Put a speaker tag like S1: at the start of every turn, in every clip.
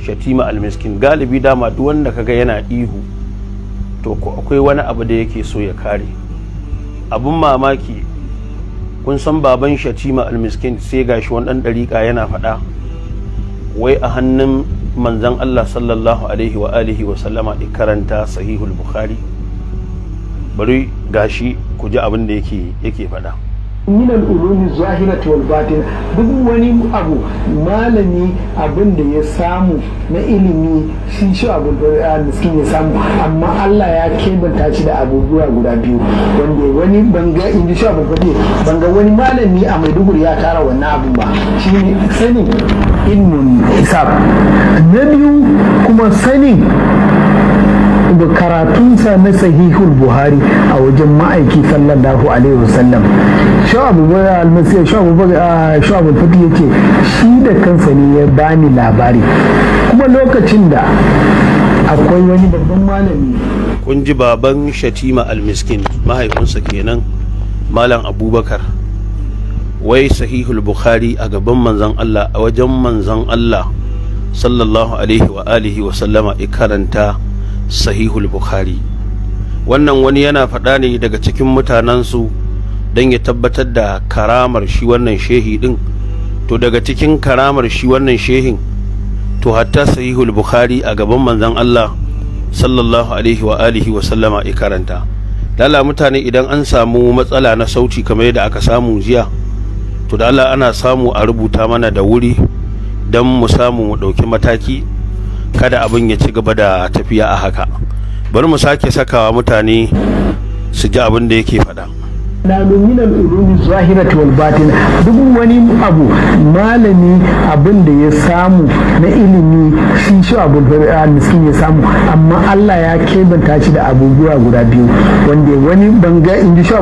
S1: shatima almiskin galibi dama duk wanda kaga yana ihu to ko akwai wani abu da yake so ya kare abun mamaki kun san baban shatima almiskin sai gashi wani ɗan ɗariƙa yana faɗa wai a hannun manzon Allah sallallahu alaihi wa alihi wa sallama da karanta sahihul bukhari bari gashi ku ji abin da yake yake faɗa
S2: min al-ulumi zahirati wal batin duk wani abu malami abin da ya samu na ilimi shi shi abu da ah, miskin ya samu amma Allah ya kebanta shi da abubuwa guda biyu wanda wani banga inda shi abu fadi banga wani malami a Maiduguri ya tara wannan abu ba shi ne sanin ilmun hisab na biyu kuma sanin duba karatunsa na sahihul buhari a wajen ma'aiki sallallahu alaihi wasallam sha'abu almasiyar sha'abu ah, fati ya ce shi da kansa ne ya bani labari kuma lokacin da akwai wani babban malami kun
S1: ji baban shatima almiskin mahaifinsa kenan malam abubakar wai sahihul bukhari a gaban manzan allah a wajen manzan allah sallallahu alaihi wa alihi wa sallama ikaranta karanta sahihul bukhari wannan wani yana faɗa ne daga cikin mutanensu don ya tabbatar da karamar shi wannan shehi ɗin to daga cikin karamar shi wannan shehin to hatta sahihul bukhari a gaban manzon Allah sallallahu alaihi wa alihi wa sallama i karanta lala mutane idan an samu matsala na sauti kamar yadda aka samu jiya to da Allah ana samu a rubuta mana da wuri don mu samu mu ɗauki mataki kada abin ya ci gaba da tafiya a haka bari mu sake sakawa mutane su ji abin da yake faɗa
S2: na min ulumi batin duk wani abu malami abin da ya samu na ilimi shi shi abu miskin ya samu amma Allah ya kebanta shi da abubuwa guda biyu wanda wani banga in ji shi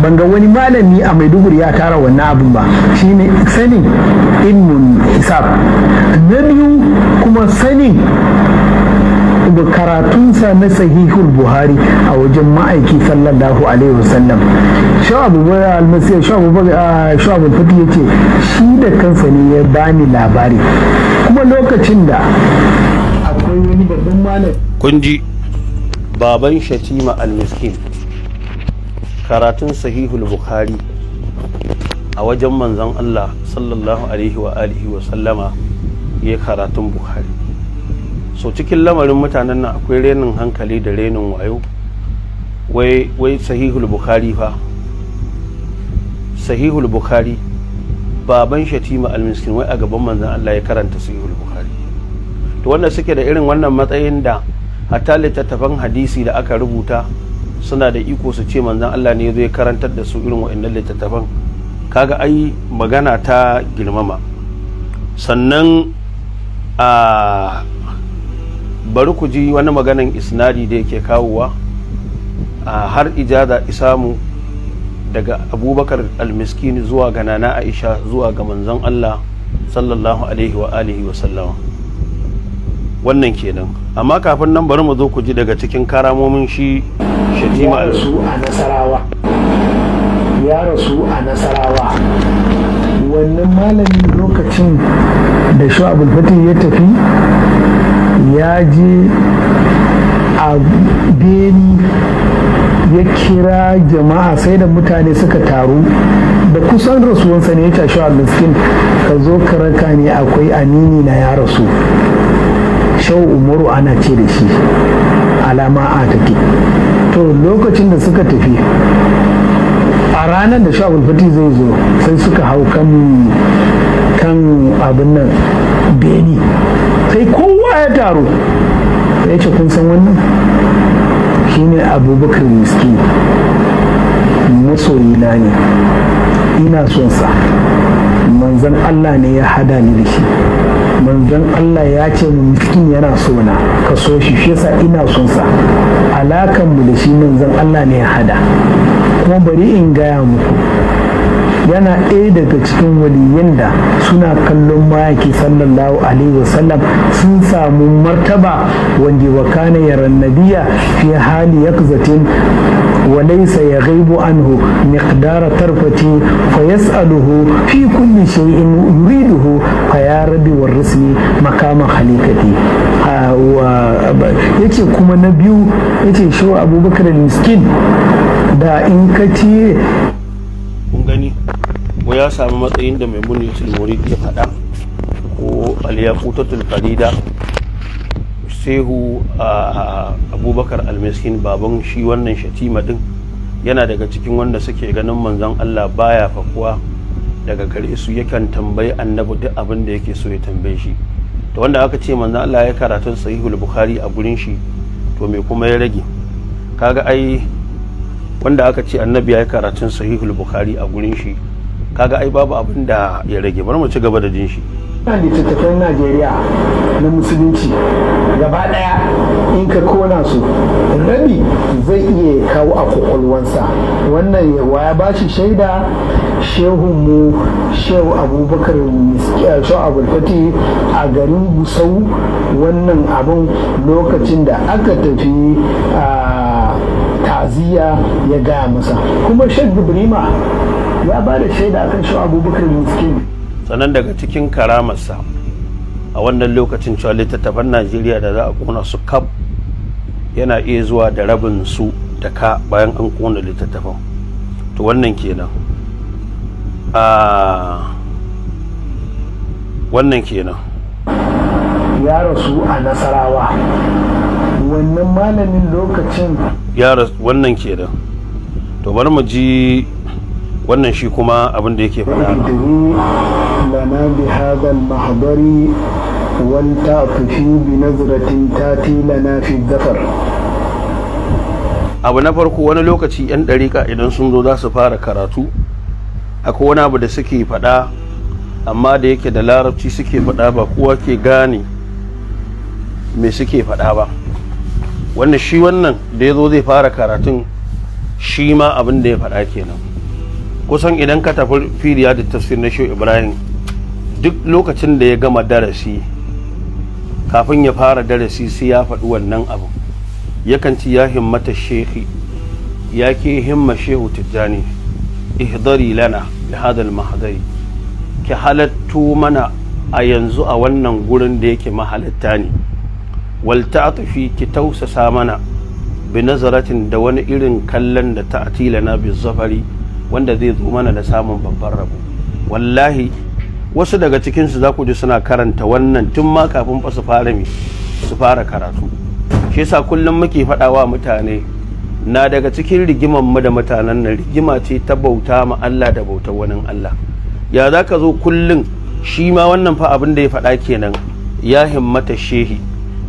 S2: banga wani malami a Maiduguri ya tara wannan abin ba shine sanin ilmun hisab na biyu kuma sanin karatunsa na sahihul buhari a wajen ma'aiki sallallahu alaihi wasallam shawabu bada almasiya shawabu bada ah, shawabu fati ya ce shi da kansa ne ya bani labari kuma lokacin da akwai wani babban malam
S1: kunji baban shatima almiskin karatun sahihul buhari a wajen manzon allah sallallahu alaihi wa alihi wa sallama ya karatun so cikin lamarin mutanen nan akwai renin hankali da renin wayo wai wai sahihul bukhari fa sahihul bukhari baban shatima almiskin wai a gaban manzan Allah ya karanta sahihul bukhari to wanda suke da irin wannan matsayin da hatta littattafan hadisi da aka rubuta suna da iko su ce manzan Allah ne zai karantar da su irin waɗannan littattafan kaga ai magana ta girmama sannan a ah, bari ku ji wani maganin isnadi da yake kawowa har ijaza isamu daga abubakar almiskini zuwa ga nana aisha zuwa ga manzon allah sallallahu alaihi wa alihi wa sallama wannan kenan amma kafin nan bari mu zo ku ji daga cikin karamomin
S2: shi shatima ya su a nasarawa ya rasu a nasarawa wannan malami lokacin da shu'abul fatih ya tafi ya ji a beni ya kira jama'a sai da mutane suka taru da kusan rasuwansa ne ya tashi a miskin ka zo karaka ne akwai anini na ya rasu shau umaru ana ce da shi alama a take to lokacin da suka tafi a ranar da sha'ul fati zai zo sai suka hau kan abin nan beni sai ko ya taru ya ce kun san wannan shi ne abubakar miski masoyina ne ina son sa manzan allah ne ya hada ni da shi manzan Allah ya ce mu miskin yana so na ka so shi shi yasa ina son sa alakan mu da shi manzan Allah ne ya hada kuma bari in gaya muku yana ɗaya daga cikin waliyan da suna kallon mayaki sallallahu alaihi wasallam sun samu martaba wanda kane yaran nabiya fi hali yakzatin وليس يغيب عنه مقدار ترفتي فيسأله في كل شيء يريده فيا ربي والرسل مقام خليقتي yace kuma na biyu yace shi abubakar miskin da in ka ci
S1: ko ya samu matsayin da mai muni ke faɗa ko aliyakutatul farida sehu a abubakar almiskin baban shi wannan shatima din yana daga cikin wanda suke ganin manzon allah baya fakuwa daga gare su yakan tambayi annabi duk abin da yake so ya tambaye shi to wanda aka ce manzon allah ya karatun sahihul bukhari a gurin shi to me kuma ya rage kaga ai wanda aka ce annabi ya yi karatun sahihul bukhari a gurin shi kaga ai babu abin da ya rage bari mu ci gaba da jin shi
S2: littattafan najeriya na musulunci gaba daya in ka kona su rabi zai iya kawo a sa wannan yawa ya bashi shaida mu shehu abubakar shehu abulfati a garin gusau wannan abin lokacin da aka tafi a ah, ta'aziyya ya gaya masa kuma shek ibrima ya ba da shaida akan shi abubakar miskin
S1: sannan daga cikin karamarsa a wannan lokacin cewa littattafan najeriya da za a kona su kaf yana iya zuwa da rabin su da ka bayan an kona littattafan to wannan kenan a ah, wannan kenan
S2: ya rasu a nasarawa wannan malamin lokacin
S1: ya wannan ke da to bari mu ji wannan shi kuma abin da yake faɗa
S2: lana bi hadha al-mahdari wal ta'tufi bi nazratin tati lana fi dhafar
S1: abu na farko wani lokaci 'yan dariƙa idan sun zo za su fara karatu akwai wani abu da suke faɗa amma da yake da larabci suke faɗa ba kowa ke gane me suke faɗa ba wanda shi wannan da ya zo zai fara karatun shi ma abin da ya faɗa kenan kusan idan ka tafi firiya da tafsir na shehu ibrahim duk lokacin da ya gama darasi kafin ya fara darasi sai ya faɗi wannan abu yakan ci ya himmata shehi ya ke himma shehu tijjani ihdari lana hadal mahadari ki halattu mana a yanzu a wannan gurin da yake mahalatta ne walta'atufi ki tausasa mana bi nazaratin da wani irin kallon da ta na bi zafari wanda zai zo mana da samun babban rabo wallahi wasu daga cikinsu za ku ji suna karanta wannan tun ma kafin fa su fara mi su fara karatu shi yasa kullum muke faɗawa mutane na daga cikin rigimar mu da mutanen nan rigima ce ta bauta ma Allah da bautar wani Allah ya za ka zo kullum shi ma wannan fa abin da ya faɗa kenan ya himmata shehi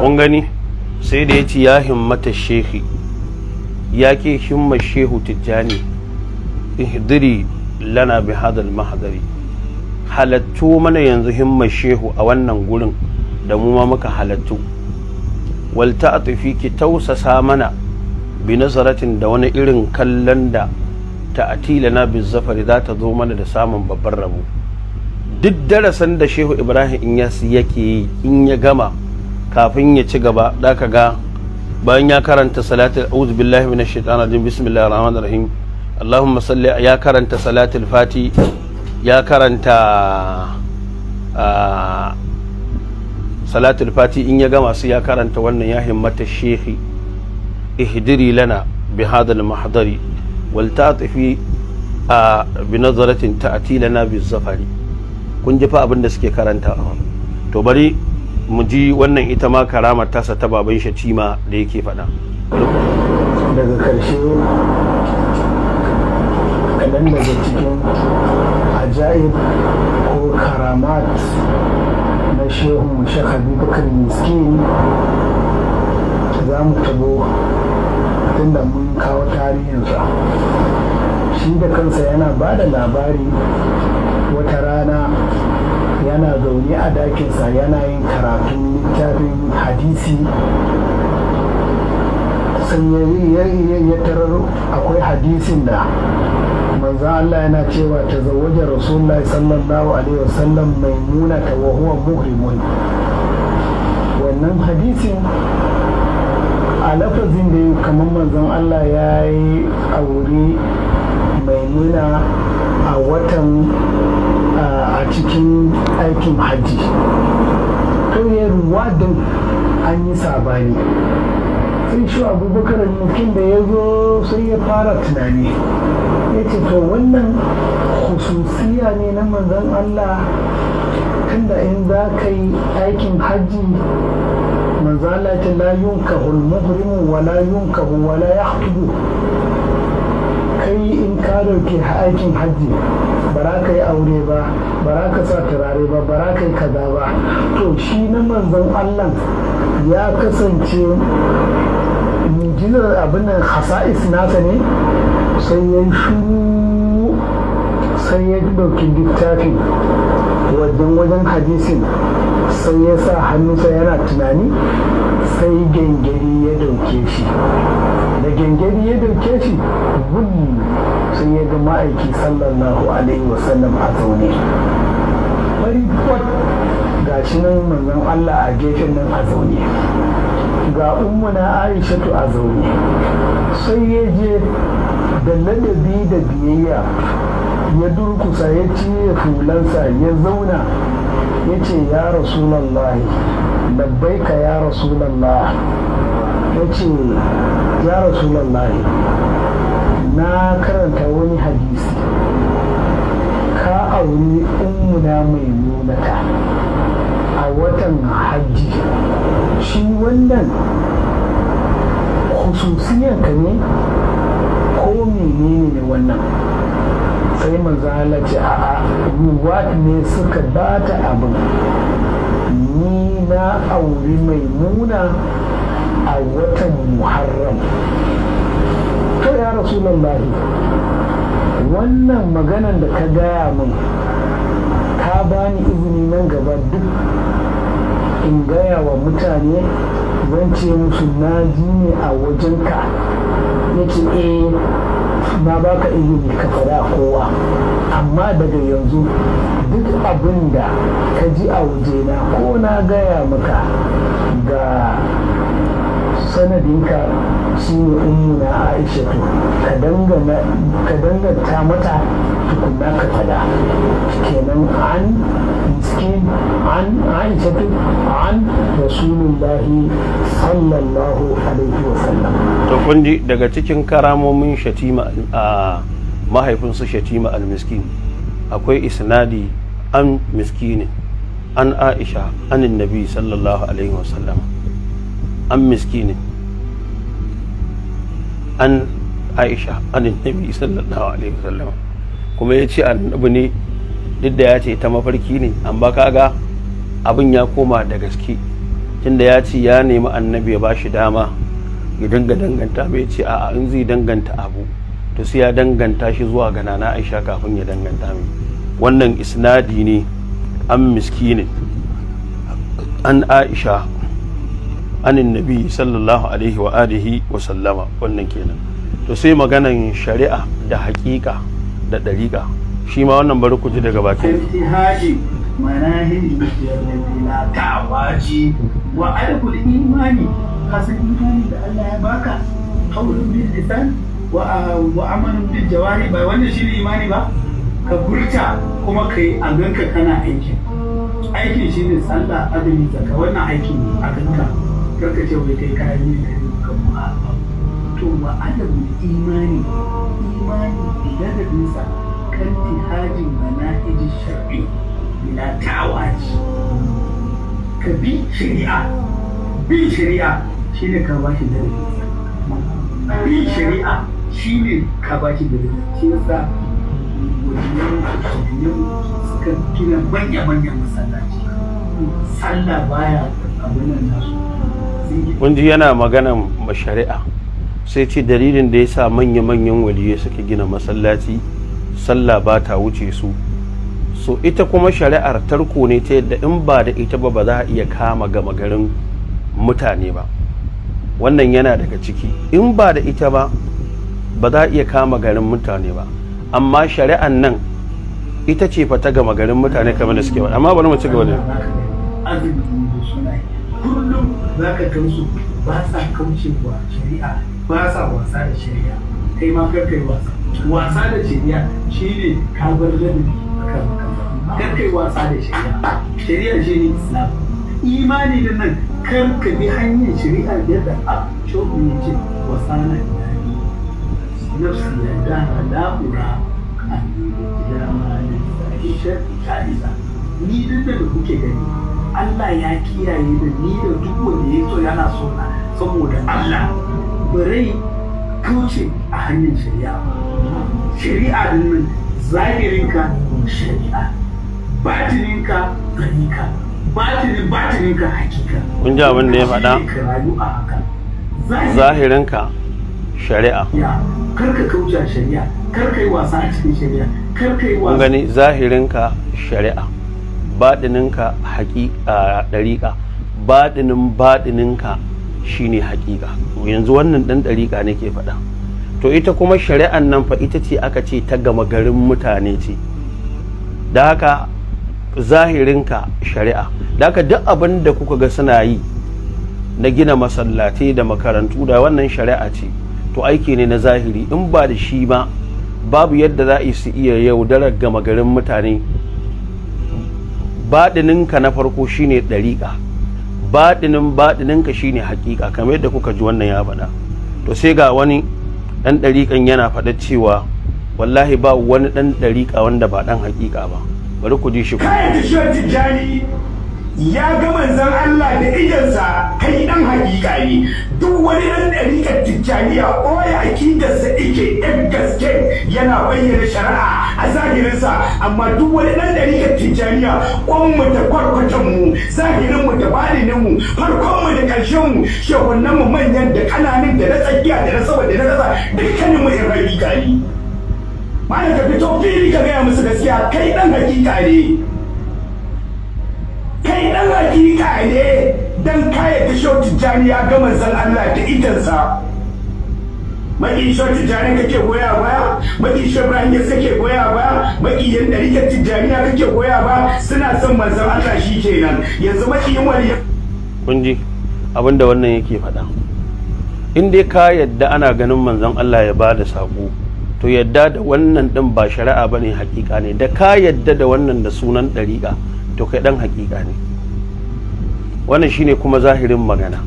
S1: kun gani sai da ya ci ya himmata shehi ya ke himma shehu tijjani ihdiri lana bi hadal mahadari halattu mana yanzu himma shehu a wannan gurin da mu ma muka halattu wal a ki tausasa mana bi nazaratin da wani irin kallon da ta'atila na bi zafari za ta zo mana da samun babban rabo duk darasin da shehu ibrahim in yake yi in ya gama kafin ya ci gaba da ka ga bayan ya karanta salatul a'udhu billahi minash shaitani rajim bismillahir rahmanir rahim Allahumma salli ya karanta salatul fati ya karanta ah, salatul fati in ya gama su ya karanta wannan ya himmata shehi ihdiri lana bi hadal mahdari wal ta'tifi ah, bi nazaratin ta'ti lana bi zafari kun ji fa abin da suke karanta to bari mu ji wannan ita ma karamar tasa ta baban shatima da yake faɗa
S2: daga karshe kaɗan daga cikin ajaib ko karamat na shehu shekha abubakar miski za mu tabo tunda mun kawo tarihinsa shi da kansa yana ba da labari wata rana yana zaune a dakinsa yana yin karatun littafin hadisi sun ya tarar akwai hadisin da manzan Allah yana cewa ta zawaje rasulullahi sallallahu alaihi wasallam nuna ta wahuwa huwa wannan hadisin a lafazin da yi kamar manzon Allah ya yi aure nuna a watan cikin aikin hajji ruwa din an yi sabani sai shi abubakar mutum da ya zo sai ya fara tunani ya ce to wannan hususiya ne na manzan allah da in za ka yi aikin hajji allah ta layun ka hulmuhrimu wa la ka wala ya haɗu kai in ka dauke aikin hajji bara ka yi aure ba bara ka sa turare ba ba ka yi kaza ba to shi na manzon allah ya kasance mujinar abin nan hasa'is nasa ne sai ya shuru sai ya dauki littafin wajen wajen hadisin sai ya sa hannunsa yana tunani sai gengeri ya dauke shi da gengeri ya dauke shi gudu sai ya ga ma'aiki sallallahu alaihi wasallam a zaune bari kwat ga shi nan manzon allah a gefen nan a zaune ga ummuna tu a zaune sai ya je da ladabi da biyayya ya durkusa ya ciye fulansa ya zauna ya ce ya rasulallahi labbaika ya rasulallah ya ce ya rasulallahi na karanta wani hadisi ka auri umuna mai nunata a watan hajji shi wannan khususiyanka ne ko menene ne wannan sai manzo Allah ce a'a ruwa ne suka ba ta abin ni na auri mai muna a watan muharram to ya rasulullahi wannan maganan da ka gaya min ka bani izini nan gaba duk in gaya wa mutane zan ce musu na ne a wajenka ya eh na iya izini ka fara kowa amma daga yanzu duk abin da ka ji a na ko na gaya maka ga sanadinka shi ne umu na aisha to ka danganta mata tukunna ka fada kenan an miskin an aisha to an rasulullahi sallallahu alaihi wasallam to
S1: kundi daga cikin karamomin shatima a mahaifinsu shatima al-miskin akwai isnadi an miskinin an aisha anin nabi sallallahu alaihi wasallam an miskinin an aisha an nabi sallallahu alaihi wasallam kuma ya ce annabi ne duk da ya ce ta mafarki ne amma kaga abin ya koma da gaske tunda ya ce ya nemi annabi ya bashi dama ya dinga danganta mai ce a in zai danganta abu to sai ya danganta shi zuwa ga nana aisha kafin ya danganta mai wannan isnadi ne an ne an aisha anin nabi sallallahu alaihi wa alihi wa sallama wannan kenan to sai maganan shari'a da haƙiƙa da ɗariƙa shi ma wannan bari ku ji daga bakin
S2: manahin da waji wa alkul imani kasan imani da Allah ya baka qawlun bil lisan wa wa amalun bil jawari ba wannan shine imani ba ka burta kuma kai a ganka kana aiki. aikin shi ne sallah azumi zakka wannan aikin a ganka Ka ce wai kai kayan yin da yin kan mu'abba to wa adam imani imani idan da dinsa kan tihajin manahiji shar'i bila tawaji ka bi shari'a bi shari'a shine ka bashi da bi shari'a shine ka bashi da shi yasa wajen wajen suka gina manya-manyan masallaci sallah baya abin nan nasu
S1: kun ji yana maganan shari'a sai ce dalilin da ya sa manya-manyan waliyai suke gina masallaci sallah ba ta wuce su so ita kuma shari'ar tarko ne ta yadda in ba da ita ba ba za a iya kama gama garin mutane ba wannan yana daga ciki in ba da ita ba ba za a iya kama garin mutane ba amma shari'an nan ita ce fa gama garin mutane kamar da suke ba amma bari mu ci gaba da
S3: kullum
S2: za ka gansu ba sa kaucewa shari'a ba sa wasa da shari'a kai ma kar kai wasa wasa da shari'a shine ka bar ladabi akan kanka kar kai wasa da shari'a shari'a shine islam imani da nan kar ka bi hanyar shari'a yadda a shogun ya ce wasa na ilahi nafsi ya dara la'ura a ila ma da shari'a ni duk da kuke gani Allah ya kiyaye da ni da duk wanda ya so yana so na saboda Allah bari kauce a hanyar shari'a shari'a din nan zahirinka shari'a
S4: batininka
S2: ɗariƙa batinin batininka hakika
S1: kun ji abin da ya faɗa zahirinka shari'a
S2: karka kauce shari'a karka yi wasa a cikin shari'a karka yi wasa gani zahirinka
S1: shari'a baɗininka ɗariƙa baɗinin baɗininka shi ne haƙiƙa yanzu wannan ɗan ɗariƙa ne ke faɗa to ita kuma shari'an nan fa ita ce aka ce ta gama garin mutane ce da haka zahirinka shari'a da haka duk abin da kuka ga suna yi na gina masallatai da makarantu da wannan shari'a ce to aiki ne na zahiri in ba da shi ba babu yadda za su iya yaudarar gama garin mutane baɗininka na farko shine ɗariƙa baɗinin baɗininka shine haƙiƙa kamar yadda kuka ji wannan ya faɗa to sai ga wani ɗan ɗariƙan yana faɗa cewa wallahi ba wani ɗan ɗariƙa wanda ba ɗan haƙiƙa ba bari ku ji shi ku
S4: ya ga manzan Allah da idansa kai dan hakika ne duk wani dan ɗarikar tijjaniya ɓoye sa ike ɗan gaske yana bayyana shari'a a sa amma duk wani dan ɗarikar tijjaniya mu ta mu da kwarkwatanmu mu da ƙarshen mu da ƙarshenmu mu manyan da kananin da na tsakiya da na sama da na ƙasa mu irin hakika ne. Malam ka fito fili ka gaya musu gaskiya kai ɗan hakika ne. kai dan hakika ne dan kaya ta shau tijjani ya ga manzon Allah da idansa maki shau tijjani kake goya ba maki shau ibrahim ya sake goya ba maki yan ta tijjani ya kake goya ba suna son manzon Allah shi kenan yanzu maki yin wali
S1: kun ji abinda wannan yake faɗa in dai ka yadda ana ganin manzon Allah ya bada sako to yadda da wannan din ba shari'a bane hakika ne da ka yadda da wannan da sunan dariƙa. to kai dan hakika ne wannan shine kuma zahirin magana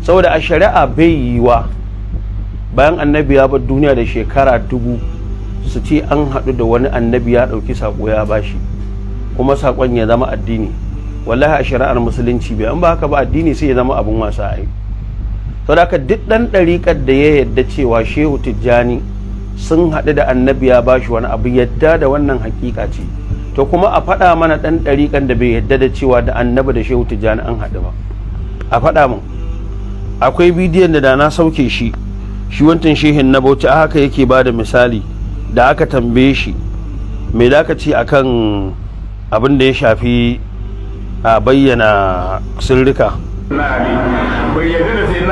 S1: saboda a shari'a bai yi wa bayan annabi ya bar duniya da shekara dubu su ce an haɗu da wani annabi ya ɗauki sako ya bashi kuma saƙon ya zama addini wallahi a shari'ar musulunci bai an ba haka ba addini sai ya zama abin wasa ai yi saboda haka duk ɗan ɗariƙar da ya yadda cewa shehu tijjani sun haɗu da annabi ya bashi wani abu yadda da wannan hakika ce to kuma a faɗa mana ɗan ɗariƙan da bai yadda da cewa da annaba da shehu tijjani an haɗu ba a faɗa min akwai bidiyon da dana na sauke shi shi wancan shehin na bauchi a haka yake ba da misali da aka tambaye shi mai da a kan akan abin da ya shafi a bayyana sirrika
S4: da sai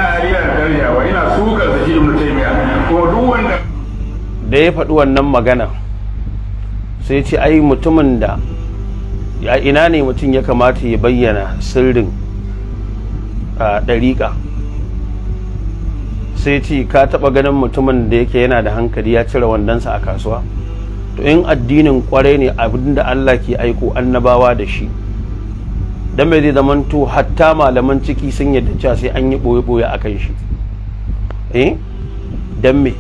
S1: da ya faɗi wannan magana sai ce ai mutumin da ya ina ne mutum ya kamata ya bayyana sirrin a ɗariƙa sai ce ka taɓa ganin mutumin da yake yana da hankali ya cire wandonsa a kasuwa to in addinin kwarai ne abin da Allah ke aiko annabawa da shi don bai zai zamanto hatta malaman ciki sun yadda cewa sai an yi ɓoye-ɓoye a kan shi eh don me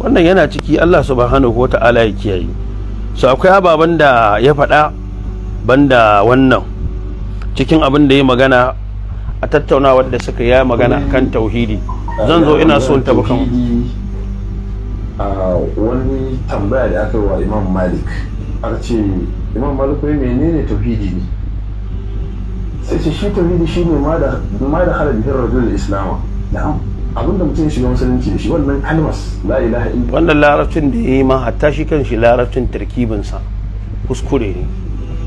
S1: wannan yana ciki Allah subhanahu wa ta'ala ya kiyaye so akwai ababen da ya faɗa banda wannan cikin abin da ya magana a tattauna da suka ya magana kan tauhidi zan zo ina son ta bakan
S3: wani tambaya da aka yi wa imam malik har ce imam malik wai menene tauhidi ne sai ce shi tauhidi shine ne da ma da halar bihar rajul islama na'am abinda mutum ya shiga
S1: sanin da shi wannan kalmas la ilaha illa wannan larabcin da yayi ma hatta shi kan kanshi larabcin tarkibin sa kuskure ne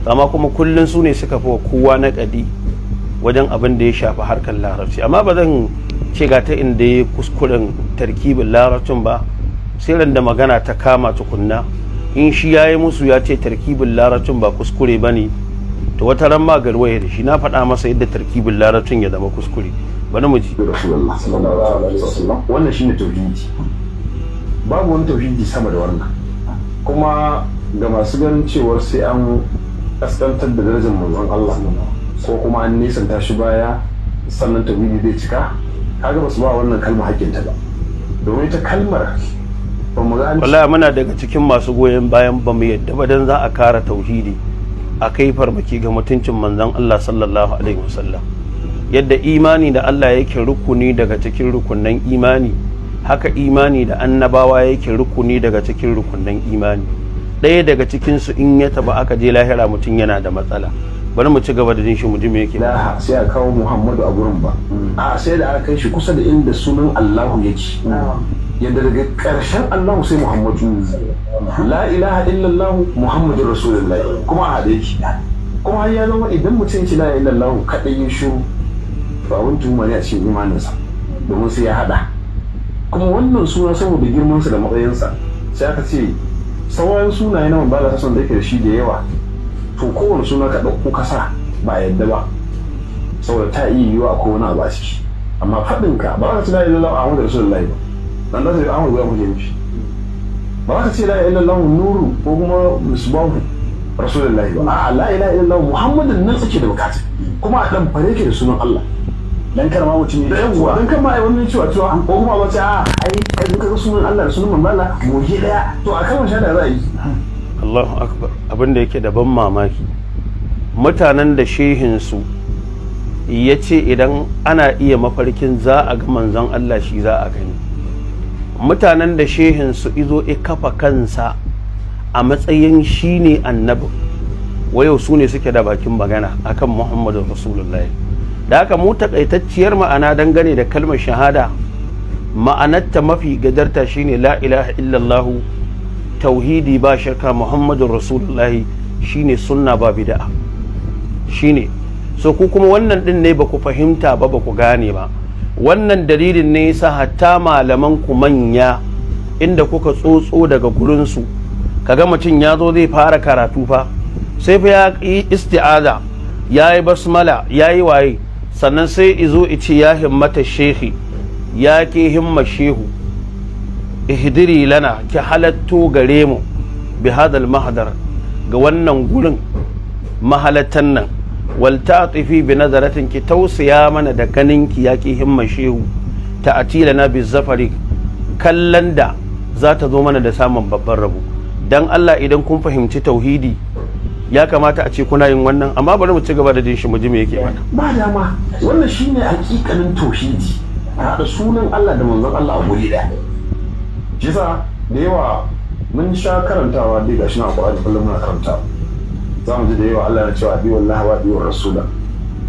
S1: amma kuma kullum su ne suka fi wa kowa na kadi wajen abin da ya shafi harkar larabci amma ba zan ce ga ta inda ya kuskuren tarkibin larabcin ba sai ran da magana ta kama tukunna in shi ya yi musu ya ce tarkibin larabcin ba kuskure ba ne to wata ran ma garwaye da shi na faɗa masa yadda tarkibin larabcin ya zama kuskure ba mu ji
S3: wannan shine tauhidi babu wani tauhidi sama da wannan kuma ga masu ganin cewar sai an kaskantar da darajar manzon Allah ko kuma
S1: an nisanta shi baya sannan tauhidi zai cika kaga ba su ba wannan kalmar ta ba domin ita kalmar wallahi muna daga cikin masu goyon bayan ba mu yadda ba dan za a kara tauhidi a kai farmaki ga mutuncin manzon Allah sallallahu alaihi wasallam yadda imani da Allah yake rukuni daga cikin rukunan imani haka imani da annabawa yake rukuni daga cikin rukunan imani ɗaya daga cikinsu in ya taba aka je lahira mutum yana da matsala bari mu ci gaba da jin shi mu ji me yake la
S3: sai a kawo Muhammadu a gurin ba hmm. a sai da aka kai shi kusa da inda sunan Allahu yake hmm. yadda daga ƙarshen Allahu sai Muhammadu la ilaha illallah muhammadu rasulullahi kuma a haɗe shi kuma har ya zama idan mutum ki la ilaha illallah kaɗai ya to abin ne a cikin imaninsa domin sai ya haɗa kuma wannan suna saboda girmansa da matsayinsa sai aka ce sauran sunaye na mambala sassan da yake da shi da yawa to kowane suna ka ɗauko kasa ba yadda ba saboda ta iya yiwa ko wani a ciki amma faɗin ka ba ka ce la a illallah Ahmadu Rasulullahi ba dan da sai Ahmadu ya kuje shi ba za ka ce la ilaha illallah nuru ko kuma misbahu Rasulullahi ba a la ilaha illallah Muhammadun nan tsake da bukata kuma a dan fare ke da sunan Allah dan kar ma mutum da yawa dan kar ma ai wannan cewa cewa ko kuma wace a ah, ai kai ka sunan Allah da sunan manzo Allah goge daya to a kan shada za a yi
S1: Allahu akbar abin da yake da ban mamaki mutanen da shehin su ya ce idan ana iya mafarkin za a ga manzon Allah shi za a gani mutanen da shehin su izo ya kafa kansa a matsayin shi ne annabi wayau su ne suke da bakin magana akan muhammadu rasulullahi da haka mu takaitacciyar ma'ana dangane da kalmar shahada ma'anarta mafi gadarta shine la ilaha illallah tauhidi ba shakka muhammadun shi shine sunna ba bid'a shine so ku kuma wannan din ne baku fahimta ba ba ku gane ba wannan dalilin ne yasa hatta malaman ku manya inda kuka tsotso daga gurinsu kaga mutum ya zo zai fara karatu fa sai fa ya isti'aza ya basmala ya yi waye sannan sai izo ice ya himmata shehi ya ke himma shehu ihdiri lana ki halatto gare mu bi hadal mahadar ga wannan gurin mahalatan nan wal ta'tifi bi nazaratin ki tausaya mana da ganin ki ya ke himma shehu ta atila na bi zafari kallon da za ta zo mana da samun babban rabo dan Allah idan kun fahimci tauhidi ya kamata a ce kuna yin wannan amma bari mu ci gaba da dinshi mu ji me yake
S3: ba dama wannan shine hakikanin toshidi a sunan Allah da manzon Allah a guri da shi da yawa mun sha karantawa dai gashi na Qur'ani kullum muna karanta za mu ji da yawa Allah na cewa bi wallahi wa bi rasula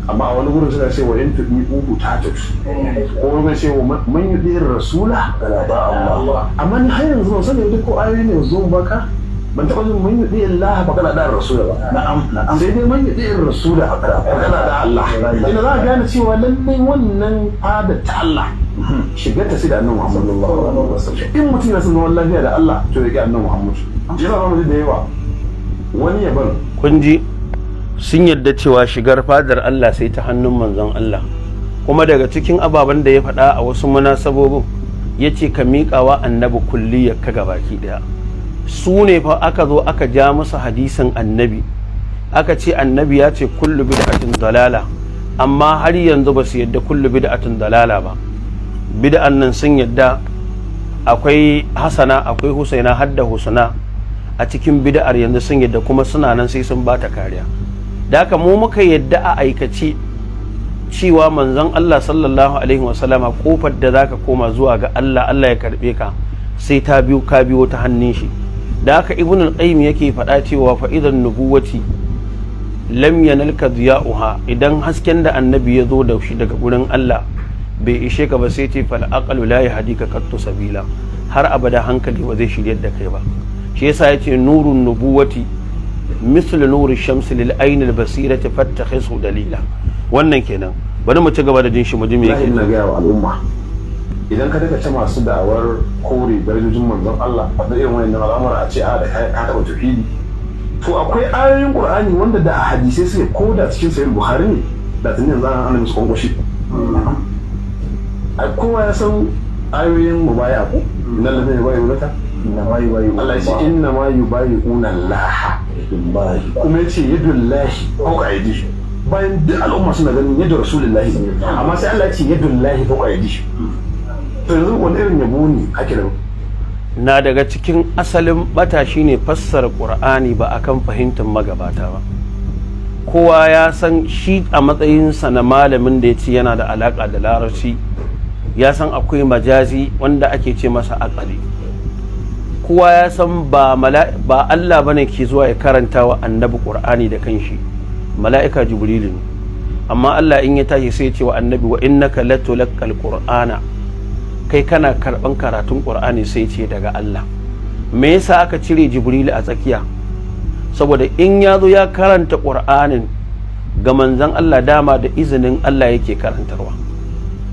S3: amma a wani gurin suna ce wa yanta bi ubu ta tafi ko wani ce wa man yi rasula
S2: ga ba Allah
S3: amma ni har yanzu ban sani duk ko ayoyi ne baka ban taɓa jin mun yuɗi Allah fa kana da rasula ba na'am na'am sai dai mun yuɗi rasula fa kana da Allah ina za ka gane cewa lallai wannan fada ta Allah hmm. shigar ta sai da annabi Muhammad sallallahu alaihi wasallam
S1: in mutum yana son wannan lafiya da
S3: Allah to ya ga annabi Muhammad yana ba mu da yawa wani ya bar
S1: kun ji sun yadda cewa shigar fadar Allah sai ta hannun manzon Allah kuma daga cikin ababen da ya faɗa a wasu munasabobin ya ce ka miƙawa annabi kulli ya ka gabaki ɗaya su ne fa aka zo aka ja musu hadisin annabi aka ce annabi ya ce kullu bid'atin dalala amma har yanzu ba su yadda kullu bid'atin dalala ba bid'an nan sun yadda akwai hasana akwai husaina har da a cikin bid'ar yanzu sun yadda kuma suna nan sai sun bata kariya da haka mu muka yadda a aikace cewa manzon Allah sallallahu alaihi wasallama kofar da zaka koma zuwa ga Allah Allah ya karbe ka sai ta biyu ka biyo ta hannun shi da aka ibn al-qayyim yake faɗa cewa fa'idan nubuwati lam yanalka diya'uha idan hasken da annabi ya zo da shi daga gurin Allah bai ishe ka ba sai ce fal aqalu la yahdika qattu sabila har abada hankali ba zai shiryar da kai ba shi yasa yace nurun nubuwati mislu nuri shamsi lil ayn al basirati fattakhisu dalila wannan kenan bari mu ci gaba da jin shi mu ji me yake ga al'umma idan ka daga ta
S3: masu da'awar kore darajojin manzon Allah da irin wayannan al'amura a ce a ah, da ka taɓa tauhidi to akwai ayoyin qur'ani wanda da hadisai suke da cikin sahih Buhari ne da tunan a an musu kwankwashi a kowa ya san ayoyin mubaya ko innal ladina yubayyi'unaka innama yubayyi'una Allah ya ce ma yubayyi'una laha kuma ya ce yadullahi ko yi bayan duk al'umma suna
S1: ganin yadda rasulullahi amma sai Allah ya ce yadullahi ko yi na daga cikin asalin bata ne fassara qur'ani ba akan fahimtar magabata ba kowa ya san shi a matsayin sa na malamin da ya ce yana da alaƙa da larabci ya san akwai majazi wanda ake ce masa akali kowa ya san ba Allah bane ke zuwa ya karanta wa annabi qur'ani da kanshi mala'ika jibrilu amma Allah in ya tashi sai ya ce wa annabi wa innaka latulaqqal qur'ana kai kana karɓan karatun ƙur'ani sai ce daga Allah me yasa aka cire jibrilu a tsakiya saboda in ya zo ya karanta ƙur'anin ga manzan Allah dama da izinin Allah yake karantarwa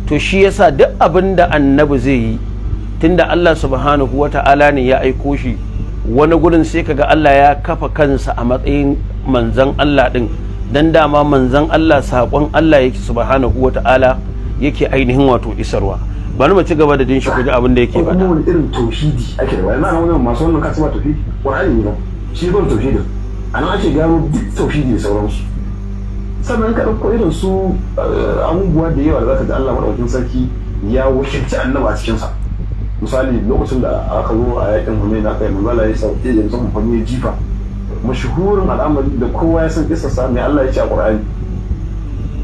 S1: to shi yasa duk abin da annabi zai yi tunda Allah subhanahu wata'ala ne ya aiko shi wani gurin sai kaga Allah ya kafa kansa a matsayin manzan Allah din dan dama manzan Allah saƙon Allah yake subhanahu wata'ala yake ainihin wato isarwa bari mu ci gaba da jin shi kuji abin da yake faɗa
S3: kuma irin tauhidi ake da wani nan wannan masu wannan kasuwa tauhidi qur'ani ne shi ban tauhidin a nan ake gano duk tauhidi da sauransu sannan ka ɗauko irin su eh, abubuwa da yawa da zaka ji Allah madaukakin sarki ya wakilci annaba a cikin sa misali lokacin da aka zo a yakin Hunayn na yi manzala ya sauke ya jifa mashhurin al'amari da kowa ya san kisa sa mai Allah ya ce a Qur'ani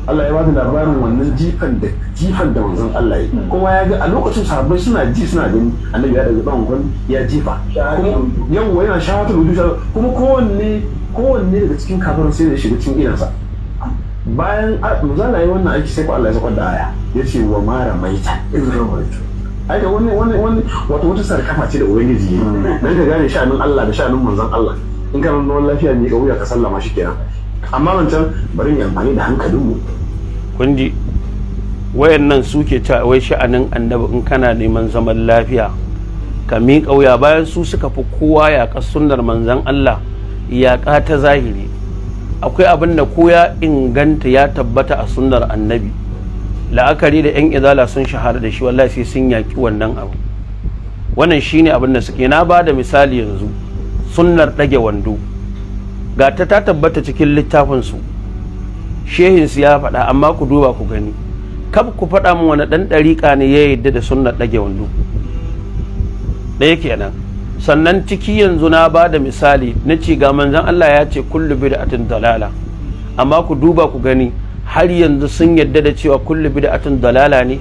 S3: Allah ya ba da labarin wannan jifan da jifan da manzon Allah ya hmm. kuma ya ga a lokacin sahabbai suna ji suna gani annabi ya daga ban kwan ya jifa na yana da wujuh kuma kowanne kowanne daga cikin kafirin sai ya shiga cikin irinsa bayan manzon yi wannan aiki sai ko Allah ya sakar da aya yace wa mara maita. ai da wani wani wani wato wata sarkafa ce da ubangiji ne hmm. dan ka gane sha'anin Allah da sha'anin manzon Allah
S1: in ka nuna lafiya ne ka wuya ka sallama shi kenan amma wancan bari mu amfani da hankalinmu kun ji wayannan suke ta wai sha'anin annabi in kana neman zaman lafiya ka miƙa wuya bayan su suka fi kowa yaƙa sunnar manzon Allah yaƙa ta zahiri akwai abin da ko ya inganta ya tabbata a sunnar annabi la'akari da 'yan izala sun shahara da shi wallahi sai sun yaƙi wannan abu wannan shine abin da suke na ba da misali yanzu sunnar ɗage wando ga ta ta tabbata cikin littafin littafinsu shehinsu ya faɗa amma ku duba ku gani kaf ku faɗa min wani ɗan ɗariƙa ne ya yadda da sunna ɗage wando ɗaya kenan sannan ciki yanzu na ba da misali na ci ga manzon Allah ya ce kullu bid'atin dalala amma ku duba ku gani har yanzu sun yadda da cewa kullu bid'atin dalala ne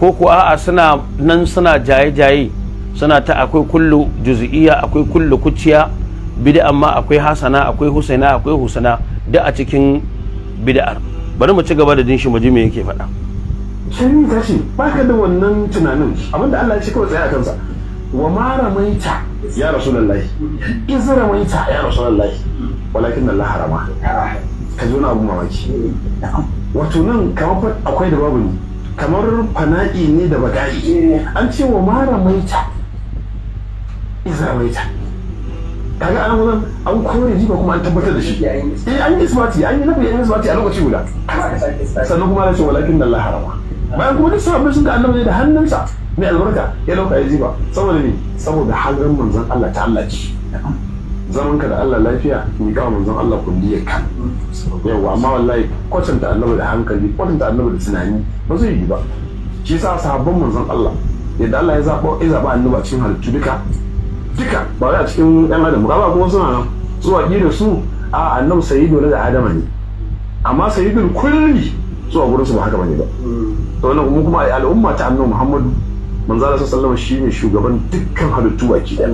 S1: ko ku a'a suna nan suna jaye-jaye suna ta akwai kullu juzu'iyya akwai kullu kuciya bid'an ma akwai hasana akwai husaina akwai husana da a cikin bid'ar bari mu ci gaba da jin shi mu ji me yake faɗa
S3: shin tashi? Ba ka da wannan tunanin abinda Allah ya ce kawai tsaya kansa wa ma ramaita
S1: ya rasulullahi
S2: iz ramaita ya
S3: rasulullahi walakin Allah harama ka zo na abu mamaki wato nan kamar akwai da babu ne kamar fana'i ne da baga'i an ce wa ma ramaita iz ramaita kaga an wurin an kore jifa kuma an tabbatar da shi eh an yi isbati an yi nabi an yi isbati a lokaci guda sannan kuma ya ce walakin da Allah harama bayan kuma duk sahabbai sun ga annabi ne da hannunsa mai albarka ya dauka ya jifa saboda ne saboda hadarin manzon Allah ta Allah ce zaman ka da Allah lafiya ni ka manzon Allah kulliyar ka yawa amma wallahi kwatanta annabi da hankali kwatanta annabi da tunani ba zai yi ba shi yasa sahabban manzon Allah yadda Allah ya zaba ya zaba annabi a cikin halittu duka duka ba wai a cikin ɗan adam ba kuma suna nan zuwa kila su a annab sayyidu da adama ne amma sayyidul kulli zuwa gurin su ba haka bane ba to wannan kuma kuma al'umma ta annabi Muhammadu manzo Allah sallallahu alaihi wasallam shine shugaban dukkan halittu baki da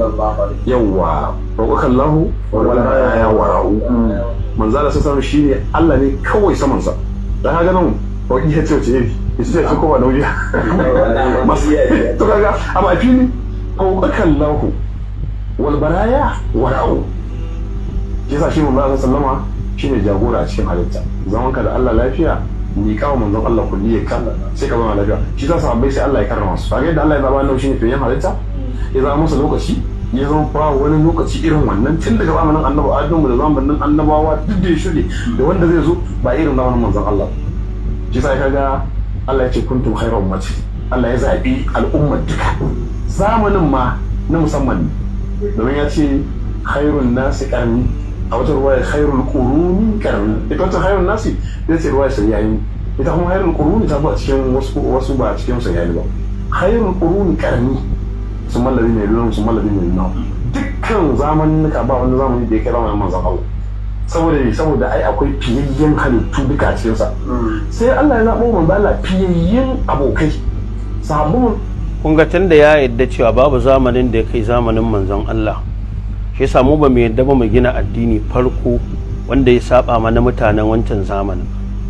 S3: yawa rabbukallahu wala ya wara'u manzo Allah sallallahu alaihi wasallam shine Allah ne kawai saman sa dan haka nan wani ya ce wace iri yace ce kowa da wuya to kaga amma fili Ko rabbukallahu wal baraya wara'u yasa shi manzo Allah sallama shine jagora a cikin halitta zaman ka da Allah lafiya ni kawo zan Allah kulli ya kalla sai ka zama lafiya shi sa bai sai Allah ya karrama su kaga da Allah ya zaba nan ne fiyan halitta ya zama masa lokaci ya zama ba wani lokaci irin wannan tun daga zamanin annabi Adamu da zamanin annabawa duk da ya shuɗe da wanda zai zo ba irin zamanin zan Allah shi sa kaga Allah ya ce kuntum khairu ummati Allah ya zabi al'ummar duka zamanin ma na musamman ne domin ya ce khairun nasi karni a wata ruwaya khairul quruni karni ita wata khairun nasi ya ce ruwaya sayyani ita kuma khairul quruni ta ba cikin wasu wasu ba cikin sayyani ba khairul quruni karni sun mallabi ne lulun sun mallabi ne lulun dukkan zamaninka ba wani zamani da ya kai zamanin manzon Allah saboda saboda ai akwai fiyayyen halittu duka cikinsa sa hmm. sai Allah ya zabo ba Allah fiyayyen abokai sabon
S1: kun ga tunda ya yadda cewa babu zamanin da ya kai zamanin manzon Allah shi yasa mu ba mu yadda ba mu gina addini farko wanda ya saba mana mutanen wancan zamanin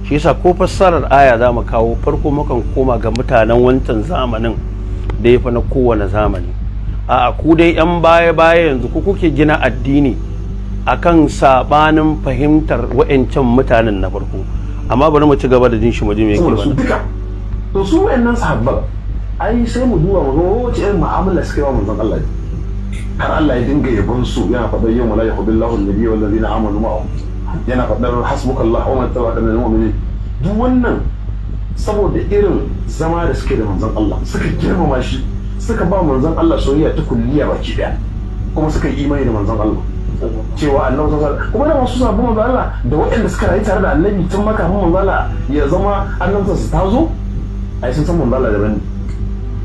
S1: shi yasa ko fassarar aya za mu kawo farko mukan koma ga mutanen wancan zamanin da ya fi na kowane zamani a'a ku dai yan baya baya yanzu ku kuke gina addini akan sabanin fahimtar wa'ancan mutanen na farko amma bari mu ci gaba da jin shi mu ji me yake
S3: to su wa'annan sahabban ai sai mu duba mu ga wace irin mu'amala suke wa manzon Allah har Allah ya dinga yabon su yana faɗar yau mala yahudillahu annabiyyu wallazina amanu ma'ahu yana faɗar hasbukallahu wa tawakkal lil mu'minin duk wannan saboda irin zama da suke da manzon Allah suka girmama shi suka ba manzon Allah soyayya ta kulliya baki daya kuma suka yi imani da manzon Allah cewa annabi sallallahu kuma da wasu sabon manzon Allah da waɗanda suka rayu tare da annabi tun maka manzon Allah ya zama annabinsa su tazo ai sun san manzon Allah daban ne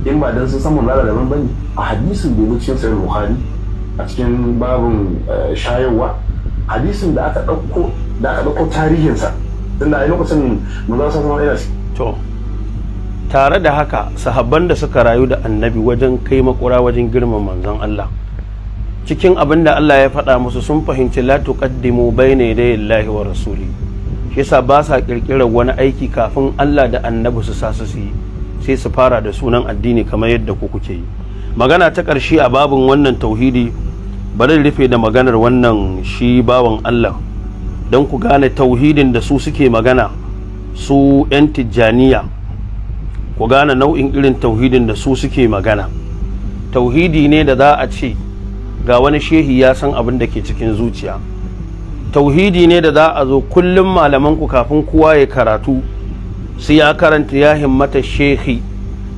S3: in ba don sun samu manzala daban bane a hadisin da cikin sahih buhari a cikin babin eh, shayarwa hadisin da aka dauko da aka dauko tarihinsa tunda a lokacin su sallallahu alaihi wasallam to
S1: tare da haka sahabban da suka rayu da annabi wajen kai makura wajen girman manzon Allah cikin abin da Allah ya faɗa musu sun fahimci la tuqaddimu bayna yadayi Allahi wa rasuli shi yasa ba sa kirkirar wani aiki kafin Allah da annabi su sa su yi sai su fara da sunan addini kamar yadda ku kuke yi magana ta ƙarshe a babin wannan tauhidi bari rufe da maganar wannan shi bawan Allah don ku gane tauhidin da su suke magana su 'yan tijjaniya ku gane nau'in irin tauhidin da su suke magana tauhidi ne da za a ce ga wani shehi ya san abin da ke cikin zuciya tauhidi ne da za a zo kullum malamanku kafin kowa ya karatu sai ya karanta ya himmata shehi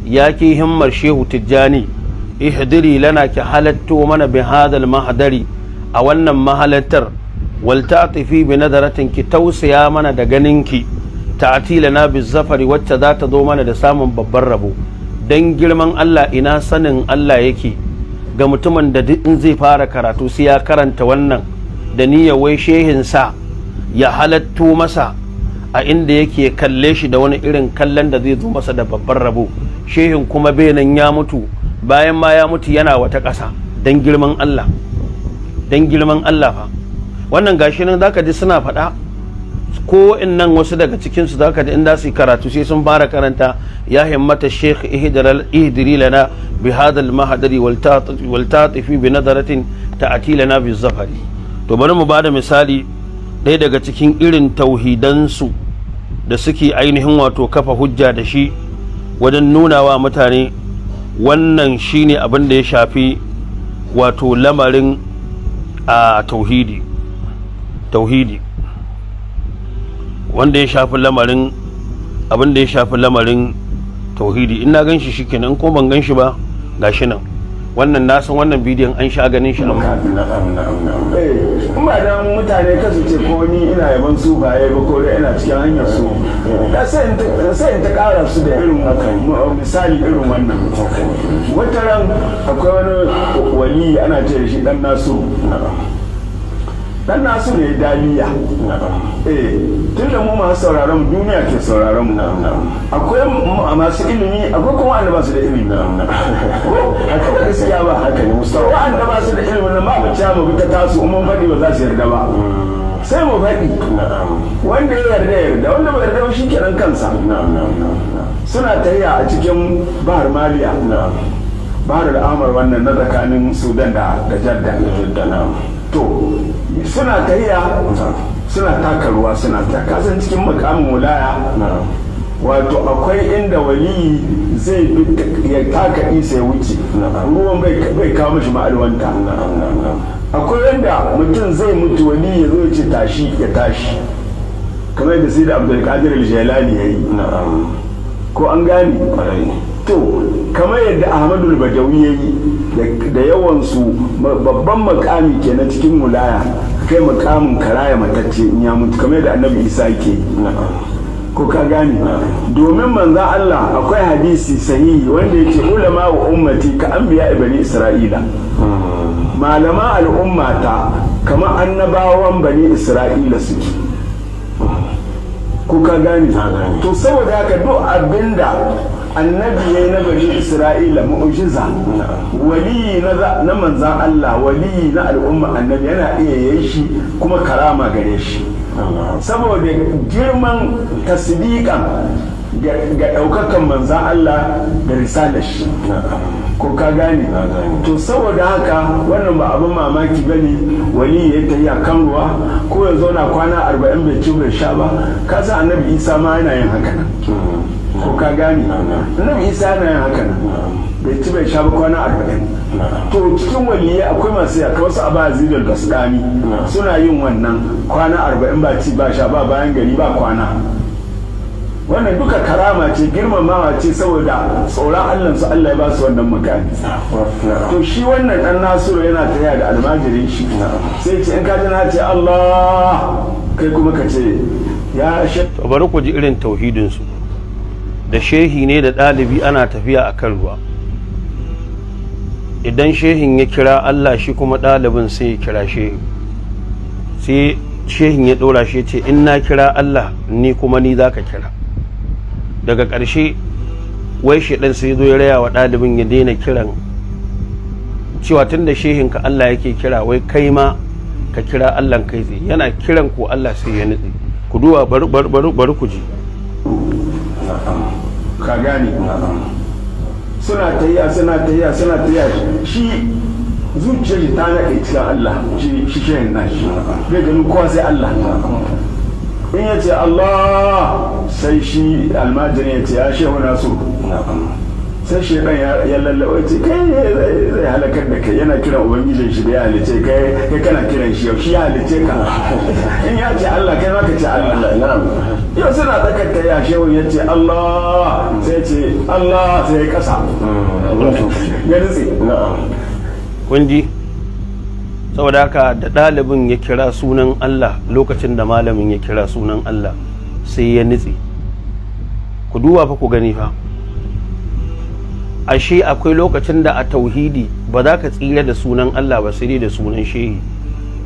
S1: ya ke himmar shehu tijjani ihdiri lana ki halatto mana bi hadal mahadari a wannan mahalattar wal tafi bi nadaratin ki tausaya mana da ganin ki. tatila na bi zafari wacce za ta zo mana da samun babban rabo dan girman Allah ina sanin Allah yake ga mutumin da duk in zai fara karatu sai ya karanta wannan da niyyar wai shehin sa ya halatto masa a inda yake kalle shi da wani irin kallon da zai zo masa da babban rabo shehin kuma benin ya mutu bayan ma ya mutu yana wata ƙasa don girman Allah don girman Allah fa wannan gashi nan zaka ji suna faɗa ko nan wasu daga cikinsu su zaka ji in su karatu sai sun fara karanta ya himmata sheikh ihdiri lana bi hadal mahadari wal tatifi bi nadaratin ta'ati lana bi to bari mu bada misali ɗaya daga cikin irin tauhidansu da suke ainihin wato kafa hujja da shi wajen nuna wa mutane wannan shi ne abin da ya shafi wato lamarin a tauhidi tauhidi wanda ya shafi lamarin abin da ya shafi lamarin tauhidi ina ganshi shi kenan ko ban ganshi ba ga shi nan wannan na wannan bidiyon an sha ganin shi amma
S4: ba da mutane kasu ce ko ni ina yaban su baye ba ko ina cikin hanyar su sai in ta kara su da irin misali irin wannan wata ran akwai wani wali ana ce da shi dan nasu dan su ne daliya eh tun da mu masu sauraron duniya ke sauraron akwai masu ilimi akwai kuma wanda ba su da ilimi haka gaskiya ba haka ne mustawa wanda ba su da ilimi na ba mu mu ta tasu umman fadi ba za su yarda ba sai mu fadi wanda ya yarda yarda wanda ba yarda shi kenan kansa suna tayya a cikin bahar maliya bahar al'amar wannan na tsakanin sudan da jaddan to suna tahiya suna taka ruwa suna ta kasan cikin makamin wulaya wato akwai inda wani zai ya taka isa ya wuce ruwan bai kawo mashi ma'alwanta akwai inda mutum zai mutu wani ya zo ce tashi ya tashi kamar da sai da abdulkadir al ya yi ko an gane to kamar yadda ahmadu albadawi ya yi da yawansu babban makami ke na cikin mulaya kai makamin karaya matacce in ya mutu kamar da annabi isa ke ko ka gane domin manza Allah akwai hadisi sahihi wanda ya ce ulama wa ummati ka anbiya bani isra'ila malama al'ummata kamar annabawan bani isra'ila suke ko ka gane to saboda haka duk abinda annabi yi na bari isra'ila mu'ujiza waliyi na manzan Allah waliyi na al'umma annabi yana iya yin shi kuma karama gare shi saboda girman tasdiqan ga ɗaukakan manzan Allah da risalar shi ko ka gane to saboda haka wannan ba abin mamaki ba ne wani ya yi a kan ruwa ko ya zauna kwana arba'in bai ci bai sha ba ka sa annabi isa ma yana yin haka mm. ko ka gane annabi isa yana yin haka bai ci bai sha ba kwana arba'in to cikin waliya akwai masu yaka wasu a bazi da gasdani suna yin wannan kwana arba'in ba ci ba sha ba bayan gari ba kwana wannan duka karama ce girmamawa ce saboda tsoron allah su allah ya ba su wannan mukami to shi wannan dan nasiru yana taya da almajirin shi sai ce in ka ji na ce allah kai kuma ka ce ya
S1: bari ku ji irin tauhidin su da shehi ne da ɗalibi ana tafiya a kan ruwa idan shehin ya kira Allah shi kuma ɗalibin sai ya kira shehi sai shehin ya ɗora shi ce in na kira Allah ni kuma ni za ka kira daga ƙarshe wai shaidan sai zo ya raya wa ɗalibin ya daina kiran cewa tun da shehinka Allah yake kira wai kai ma ka kira Allah kai zai yana kiran ko Allah sai ya nutse ku duwa bari bari bari ku ji
S4: ka gane suna tayya suna tayya suna tayya shi zuciyar ta nake cikin Allah shi shi shehin nashi bai ganin kowa sai Allah in ya ce Allah sai shi almajirin ya ce ya shehu nasu sai shi ɗan ya lallawa ce kai zai halakar da kai yana kiran ubangijin shi da ya halice kai kai kana kiran shi yau shi ya halice ka in ya ce Allah kai maka ce Allah yau suna tsakar ta ya shehu ya ce Allah sai ce Allah sai ya kasa mm, ya nutse
S1: kun ji saboda haka da ɗalibin ya kira sunan Allah lokacin da malamin ya kira sunan Allah sai ya nitse ku duba fa ku gani fa ashe akwai lokacin da a tauhidi ba za ka tsira da sunan Allah ba sai da sunan shehi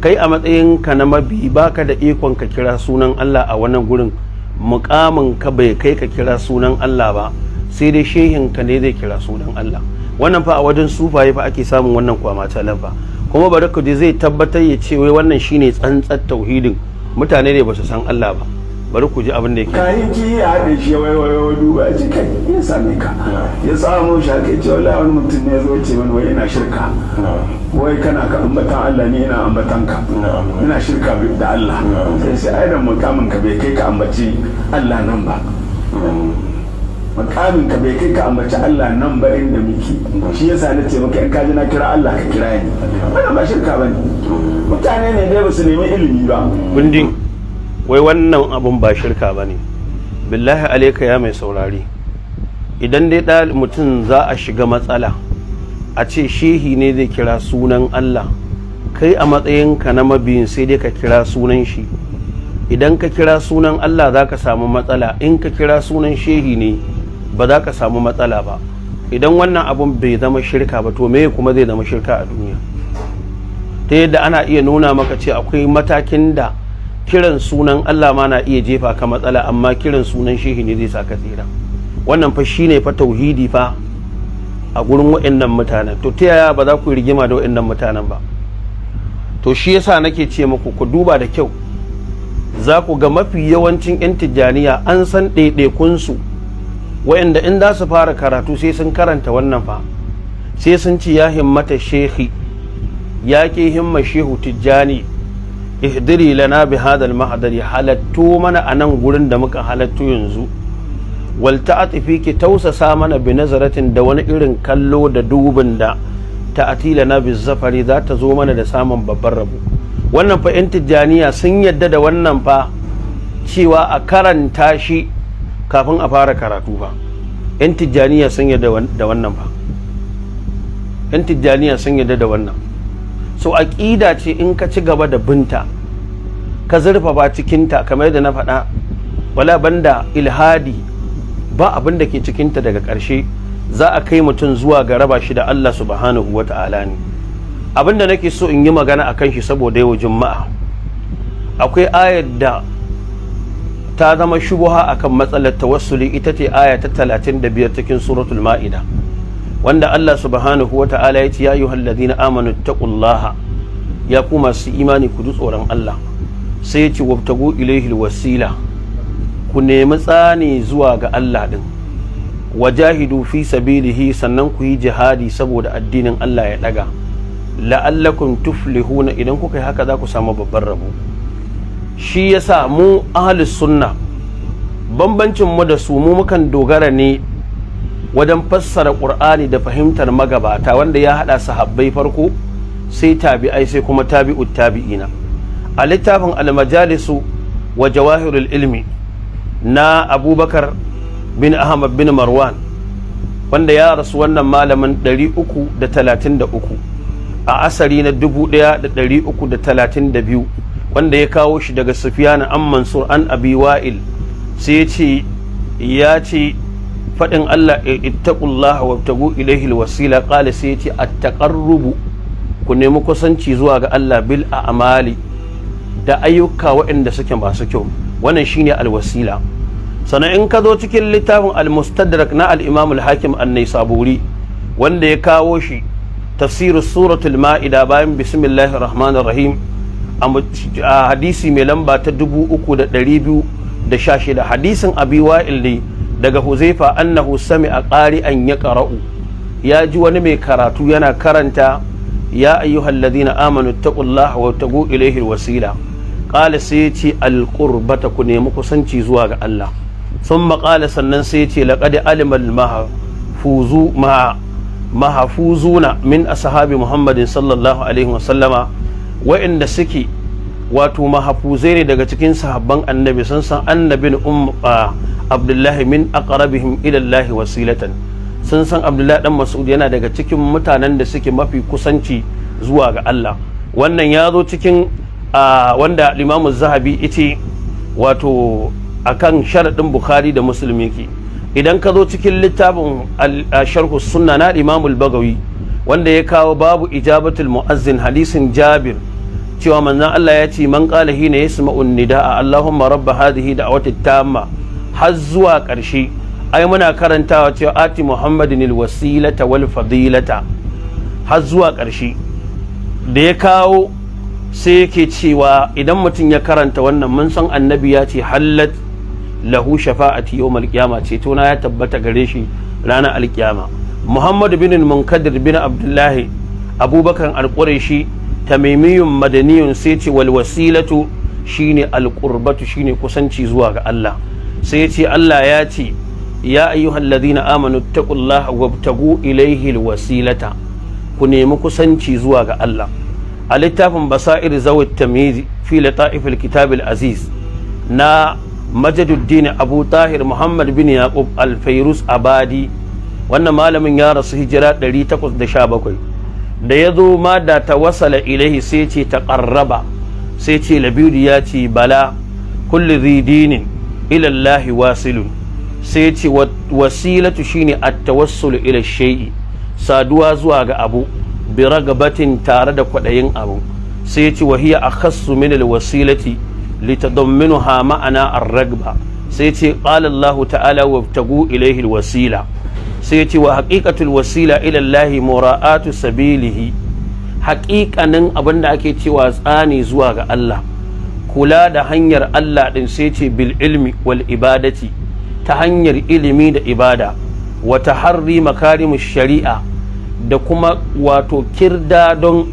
S1: kai a matsayin ka na mabi baka da ikon ka kira sunan Allah a wannan gurin mukamin ka bai kai ka kira sunan Allah ba sai dai shehin ka ne zai kira sunan Allah wannan fa a wajen sufaye fa ake samun wannan kwamata lafa kuma bari ku ji zai tabbatar ya ce wai wannan shine tsantsar tauhidin mutane ne ba su san Allah ba bari ku ji abin da yake kayi
S4: ki ya da shi wai wai wai duba ji kai ya same ka ya samu shi ce wala wani mutum ne zo ce mani wai ina shirka wai kana ka ambata Allah ne ina ambatan ka ina shirka da Allah sai sai aidan mutamin ka bai kai ka ambaci Allah nan ba makamin ka bai kai ka ambaci Allah nan ba inda muke shi yasa na ce maka in ka ji na kira Allah ka kira ni wannan ba shirka bane mutane ne dai ba su nemi ilimi ba
S1: gundin wai wannan abun ba shirka bane billahi alayka ya mai saurari idan dai mutum za a shiga matsala a ce shehi ne zai kira sunan Allah kai a matsayinka na mabiyin sai dai ka kira sunan shi idan ka kira sunan Allah za ka samu matsala in ka kira sunan shehi ne ba za ka samu matsala ba idan wannan abun bai zama shirka ba to me kuma zai zama shirka a duniya ta yadda ana iya nuna maka ce akwai matakin da kiran sunan Allah ma na iya jefa ka matsala amma kiran sunan shehi ne zai sa ka tsira wannan fa shine fa tauhidi fa a gurin waɗannan mutanen to ta yaya ba za ku rigima da waɗannan mutanen ba to shi yasa nake ce muku ku duba da kyau za ku ga mafi yawancin 'yan tijjaniya an san ɗaiɗaikunsu wayanda in za su fara karatu sai sun karanta wannan fa sai sun ci ya himmata shehi ya ke himma shehu tijjani ihdiri lana bi hadal mahadari halattu mana a nan gurin da muka halattu yanzu wal ta'atifi ki tausasa mana bi nazaratin da wani irin kallo da dubin da ta'ati lana bi zafari za ta zo mana da samun babban rabo wannan fa yan tijjaniya sun yadda da wannan fa cewa a karanta shi kafin a fara karatu ba yan tijjaniya sun yadda da wannan ba yan tijjaniya sun yadda da wannan so aƙida ce in ka ci gaba da binta ka zurfa ba cikinta kamar yadda na faɗa wala banda ilhadi ba abin da ke cikinta daga ƙarshe za a kai mutum zuwa ga raba shi da Allah subhanahu wa ta'ala ne abin da nake so in yi magana a kan shi saboda yau juma'a akwai ayar da ta zama shubuha kan matsalar tawassuli ita ce aya ta biyar cikin suratul ma'ida wanda Allah subhanahu wa ta'ala ya ce ya ayyuhal ladina amanu taqullaha ya ku masu imani ku ji tsoron Allah sai ya ce wabtagu ilaihi wasila ku nemi tsani zuwa ga Allah din wajahidu fi sabilihi sannan ku yi jihadi saboda addinin Allah ya daga la'allakum tuflihuna idan kuka yi haka za samu babban rabo shi yasa mu ahlus sunna bambancin mu da su mu mukan dogara ne wajen fassara qur'ani da fahimtar magabata wanda ya hada sahabbai farko sai tabi'ai sai kuma tabi'ut tabi'ina a littafin almajalisu wa jawahirul ilmi na abubakar bin ahmad bin marwan wanda ya rasu wannan malamin 333 a asari na 1332 wanda ya kawo shi daga sufiyan an Mansur an Abi Wa'il sai ya ce ya ce faɗin Allah ittaqullaha wabtagu ilayhi alwasila qala sai ya ce at-taqarrubu ku nemi kusanci zuwa ga Allah bil a a'mali da ayyuka waɗanda suke masu kyau wannan shine alwasila sannan in ka zo cikin littafin al-mustadrak na al-imam al-hakim an-naisaburi wanda ya kawo shi tafsirin suratul ma'ida bayan bismillahir rahmanir rahim a hadisi mai lamba ta dubu da 3216 hadisin abi wa'il ne daga huzaifa annahu sami a ƙari an ya ƙara'u ya ji wani mai karatu yana karanta ya ayyuhal ladina amanu taqullaha wa tagu ilaihi wasila qala sai ce alqurbata ku nemi kusanci zuwa ga Allah thumma qala sannan sai ce laqad alimal mahafuzu ma mahafuzuna min ashabi muhammadin sallallahu alaihi wasallama wa'inda suke wato mahafuzai ne daga cikin sahabban annabi sun san annabin umma abdullahi min aqrabihim ila Allah wasilatan sun san abdullahi dan mas'ud yana daga cikin mutanen da suke mafi kusanci zuwa ga Allah wannan ya zo cikin wanda Imam Zahabi yace wato akan sharadin Bukhari da Muslim yake idan ka zo cikin littafin sharh sunna na Imam Bagawi wanda ya kawo babu ijabatul mu'azzin hadisin jabir cewa manzon Allah ya ce man qala hina yasma'u nida'a Allahumma rabb hadhihi da'watit tamma har zuwa karshe ai muna karantawa cewa ati muhammadin alwasilata wal fadilata har zuwa karshe da ya kawo sai yake cewa idan mutum ya karanta wannan mun san annabi ya ce hallat lahu shafa'ati yawmal qiyama ce to na ya tabbata gare shi ranar alkiyama muhammadu bin munkadir bin abdullahi abubakar alƙurashi tamimiyun madaniyun sai ce wal wasilatu shine alƙurbatu shine kusanci zuwa ga Allah sai ce Allah ya ce ya ayyuhan ladina amanu taqullaha wabtagu ilaihi wasilata ku nemi kusanci zuwa ga Allah a littafin basair zawat tamizi fi lataif kitabil aziz na majaduddin abu tahir muhammad bin yaqub alfairus abadi wannan malamin ya rasu hijira 817 da ya zo ma da ta wasala ilahi sai ce ta ƙarraba sai ce labiru ya ce bala kulli zidinin ilallahi wasilun sai ce wasilatu shine at-tawassul ila shay'i saduwa zuwa ga abu bi ragabatin tare da kwaɗayin abu sai ce wahiya akhassu min al-wasilati litadamminuha ma'ana ar-ragba sai ce qala Allah ta'ala wabtagu ilayhi al-wasila sai ya ce wa haƙiƙatul wasila ila Allah mura'atu sabilihi haƙiƙanin abin da ake cewa tsani zuwa ga Allah kula da hanyar Allah ɗin sai ce bil ilmi wal ibadati ta hanyar ilimi da ibada wata harri makarimu shari'a da kuma wato kirda don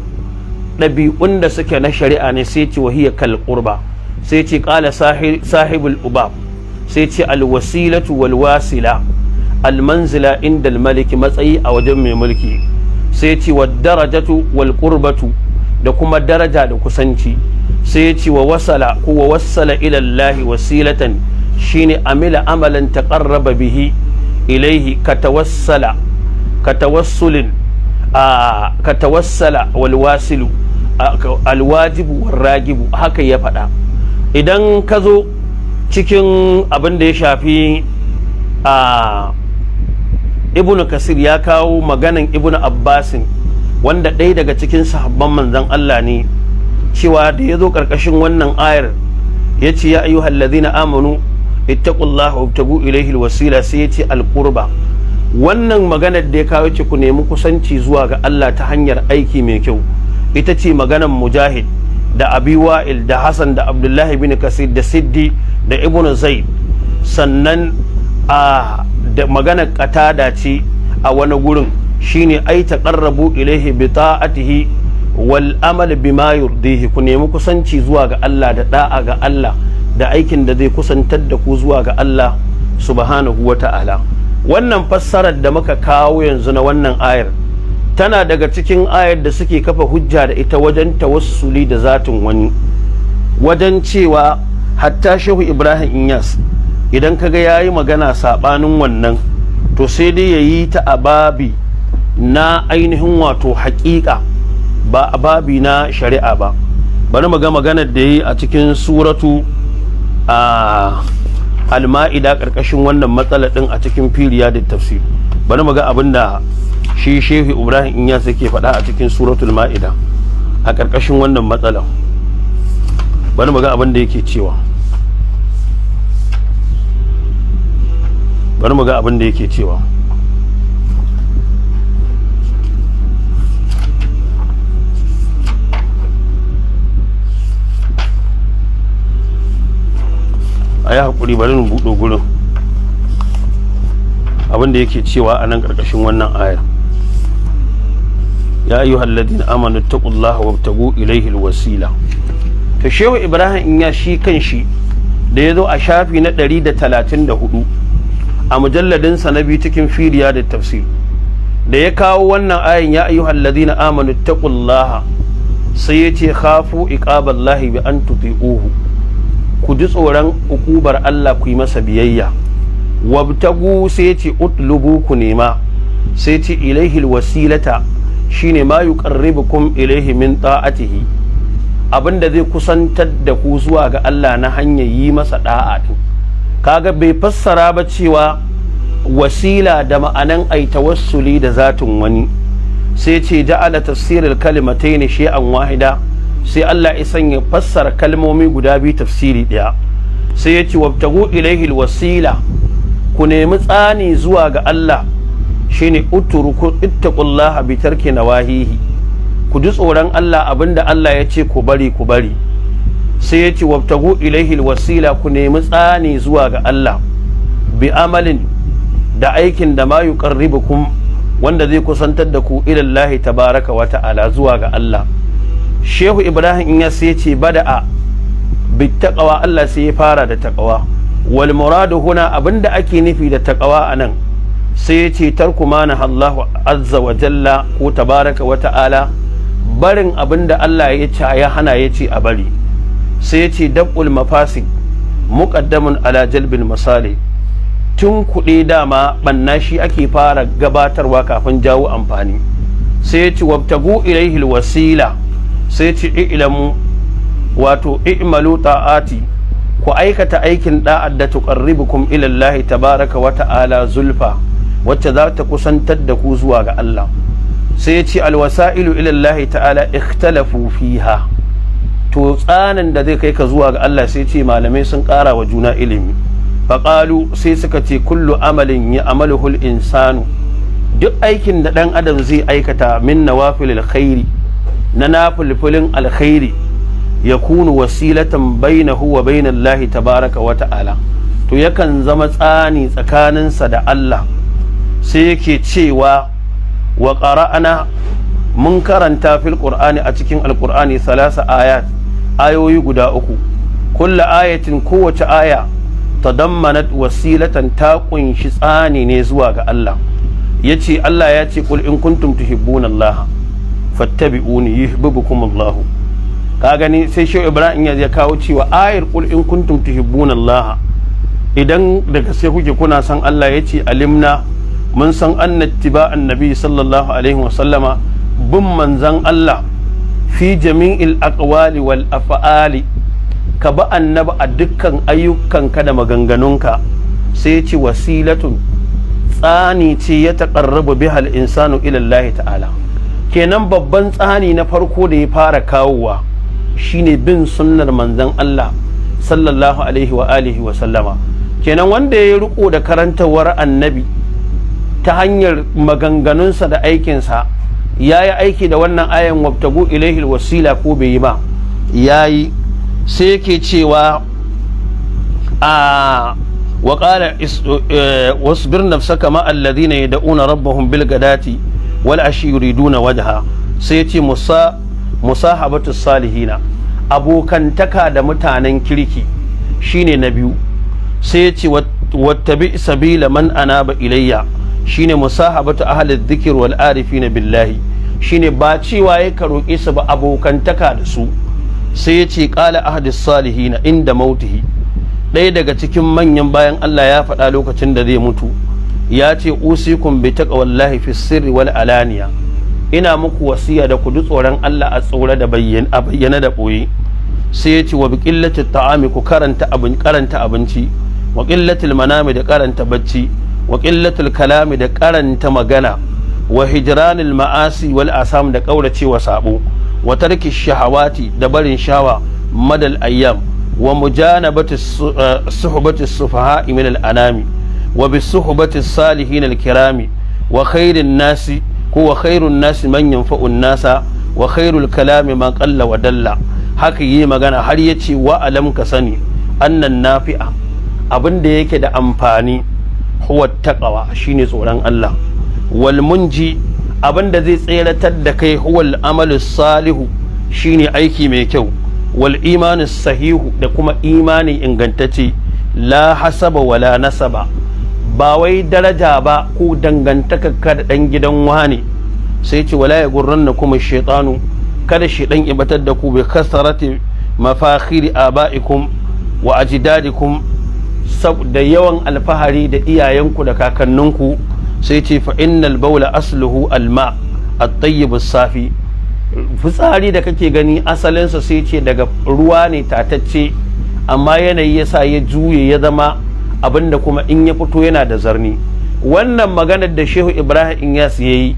S1: ɗabi'un da suke na shari'a ne sai ce wahiyar kalƙurba sai ce ƙala sahibul ubab sai ce alwasilatu walwasila almanzila inda maliki matsayi a wajen mai mulki sai ce wa darajatu wal qurbatu da kuma daraja da kusanci sai ce wa wasala ko wa wasala ila Allah wasilatan shine amila amalan taqarraba bihi ilaihi ka tawassala ka tawassulin ka tawassala wal wasilu al ragibu haka ya faɗa idan ka zo cikin abin da ya shafi a ibnu kasir ya kawo maganan ibnu abbasin wanda ɗaya daga cikin sahabban manzon Allah ne cewa da ya zo ƙarƙashin wannan ayar ya ce ya ayyuhal ladina amanu ittaqullaha wabtagu ilayhi alwasila sai ya ce alqurba wannan maganar da ya kawo ce ku nemi kusanci zuwa ga Allah ta hanyar aiki mai kyau ita ce maganar mujahid da abi wa'il da hassan da abdullahi bin kasir da siddi da ibnu zaid sannan a ah, da magana katada ce a wani gurin shine ai karrabu ilaihi bi ta'atihi wal amal bima yurdihi ku nemi kusanci zuwa ga Allah da da'a ga Allah da aikin da zai kusantar da ku zuwa ga Allah subhanahu wa ta'ala wannan fassarar da muka kawo yanzu na wannan ayar tana daga cikin ayar da suke kafa hujja da ita wajen tawassuli da zatin wani wajen cewa hatta shehu ibrahim inyas idan kaga ya yi magana saɓanin wannan to sai dai ya yi ta a babi na ainihin wato haƙiƙa ba ababi na shari'a ba bari mu ga maganar da yi a cikin suratu a alma'ida ƙarƙashin wannan matsala ɗin a cikin firiya da tafsir bari mu ga abin da shi shehu ibrahim inyas yake faɗa a cikin suratul ma'ida a ƙarƙashin wannan matsalan bari mu ga abin da yake cewa bari mu ga abin da yake cewa a yi haƙuri bari mu buɗe gurin abin da yake cewa a nan ƙarƙashin wannan ayar ya ayyuha alladhina amanu ta wabtagu ilaihi wasila ta shehu ibrahim in ya shi kan shi da ya zo a shafi na 134 a mujalladin sa na biyu cikin firiya da tafsir da ya kawo wannan ayin ya ayyuhal na amanu taqullaha sai ya ce khafu iqaballahi bi an tuti'uhu ku ji tsoron ukubar Allah ku yi masa biyayya wabtagu sai ya ce utlubu ku nema sai ya ce ilaihi wasilata shine ma yuqarribukum ilaihi min ta'atihi abinda zai kusantar da ku zuwa ga Allah na hanyar yi masa da'a kaga bai fassara ba cewa wasila da ma'anan ai tawassuli da zatin wani sai ce ja'ala tafsirul kalimatai ne wahida sai Allah ya sanya fassara kalmomi guda biyu tafsiri ɗaya sai ya ce wabtagu wasila ku nemi tsani zuwa ga Allah shine uturuku ittaqullaha bi tarki nawahihi ku ji tsoron Allah abinda Allah ya ce ku bari ku bari sai ya ce wabtagu ilaihil wasila ku nemi tsani zuwa ga Allah bi amalin da aikin da ma yuqarribukum wanda zai kusantar da ku ilallahi tabaraka wa ta'ala zuwa ga Allah shehu ibrahim in ya sai ce bada'a bi taqwa Allah sai ya fara da taqwa wal muradu huna abinda ake nufi da taqwa anan sai ya ce tarku ma Allahu azza wa jalla ko tabaraka wa ta'ala barin abinda Allah ya ce ya hana ya ce a bari sai ya ce dab'ul mafasi muƙaddamun ala jalbin masali tun kuɗi dama ɓanna shi ake fara gabatarwa kafin jawo amfani sai ya ce wabtagu ilaihi wasila sai ya ce ilamu wato i'malu ta'ati ku aikata aikin da'ad da tuqarribukum ila Allah tabaraka wa ta'ala zulfa wacce za ta kusantar da ku zuwa ga Allah sai ya ce alwasa'ilu ila Allah ta'ala ikhtalafu fiha to tsanin da zai kai ka zuwa ga Allah sai ce malamai sun ƙara wa juna ilimi faƙalu sai suka ce kullu amalin ya amaluhul insanu duk aikin da ɗan adam zai aikata min nawafil alkhairi na nafilfilin alkhairi ya kunu wasilatan bainahu wa bainallahi tabaraka wa ta'ala to yakan zama tsani tsakaninsa da Allah sai yake cewa wa ƙara'ana mun karanta fil ƙur'ani a cikin alƙur'ani salasa ayat ayoyi guda uku kulla ayatin kowace aya ta dammanat wasilatan ta kunshi tsani ne zuwa ga Allah ya ce Allah ya ce kul in kuntum tuhibbun Allah fattabi'uni yuhibbukum Allah ka gani sai shi Ibrahim ya kawo cewa ayar kul in kuntum tuhibbun Allah idan daga sai kuke kuna san Allah ya ce alimna mun san annattiba annabi sallallahu alaihi wa sallama bin manzan Allah fi jami'il aqwali wal af'ali ka ba annaba a dukkan ayyukanka da maganganunka sai ce wasilatun tsani ce ya taƙarrabu bihal insanu ilallahi ta'ala kenan babban tsani na farko da ya fara kawowa shine bin sunnar manzon Allah sallallahu alaihi wa alihi wa sallama kenan wanda ya riko da karantawar annabi ta hanyar maganganunsa da aikinsa ya yi aiki da wannan ayan wabtagu ilaihil wasila ko bai yi ba ya yi sai yake cewa a waƙala eh, wasu birnin nafsa kama na yad'una rabbahum bil gadati wal ashi waje ha sai ce musa musahabatu salihina abokantaka da mutanen kirki shine na biyu sai yace wattabi sabila man anaba ilayya shine musahabatu ahli dhikr wal na billahi shine ba cewa ya roƙe su ba abokantaka da su sai ya ce qala ahli salihin inda mautihi ɗaya daga cikin manyan bayan Allah ya faɗa lokacin da zai mutu ya ce usikum bi Wallahi fi sirri wal alaniya ina muku wasiya da ku tsoron Allah a tsora da bayyana da ɓoye sai ya ce wa bi qillati ta'ami ku karanta abinci wa qillatil manami da karanta bacci wa ƙillatul kalami da karanta magana wa hijiranil ma'asi wal asam da ƙauracewa sabo wa tarki shahawati da barin shawa madal ayyam wa mujanabati su uh, sufaha min al anami wa bi suhbati salihin al kirami wa khairin nasi ko wa khairun nasi manyan yanfa'un nasa wa khairul kalami ma qalla wa dalla haka yi magana har yace wa alam ka sani annan nafi'a abin da yake da amfani huwa taqwa shine tsoron Allah wal munji abinda zai tseratar da kai huwal amalu salihu shine aiki mai kyau wal imanu sahihu da kuma imani ingantacce la hasaba wala nasaba ba wai daraja ba ko dangantaka da dan gidan wani sai ce wala ya gurranna kuma shaitanu kada shi dan ibatar da ku bi kasarati mafakhiri abaikum wa ajdadikum da yawan alfahari da iyayenku da kakanninku sai ce fa innal baula asluhu alma at safi fitsari da kake gani asalinsa sai ce daga ruwa ne tatacce amma yanayi yasa ya juye ya zama abinda kuma in ya fito yana da zarni wannan maganar da Shehu Ibrahim ya yayi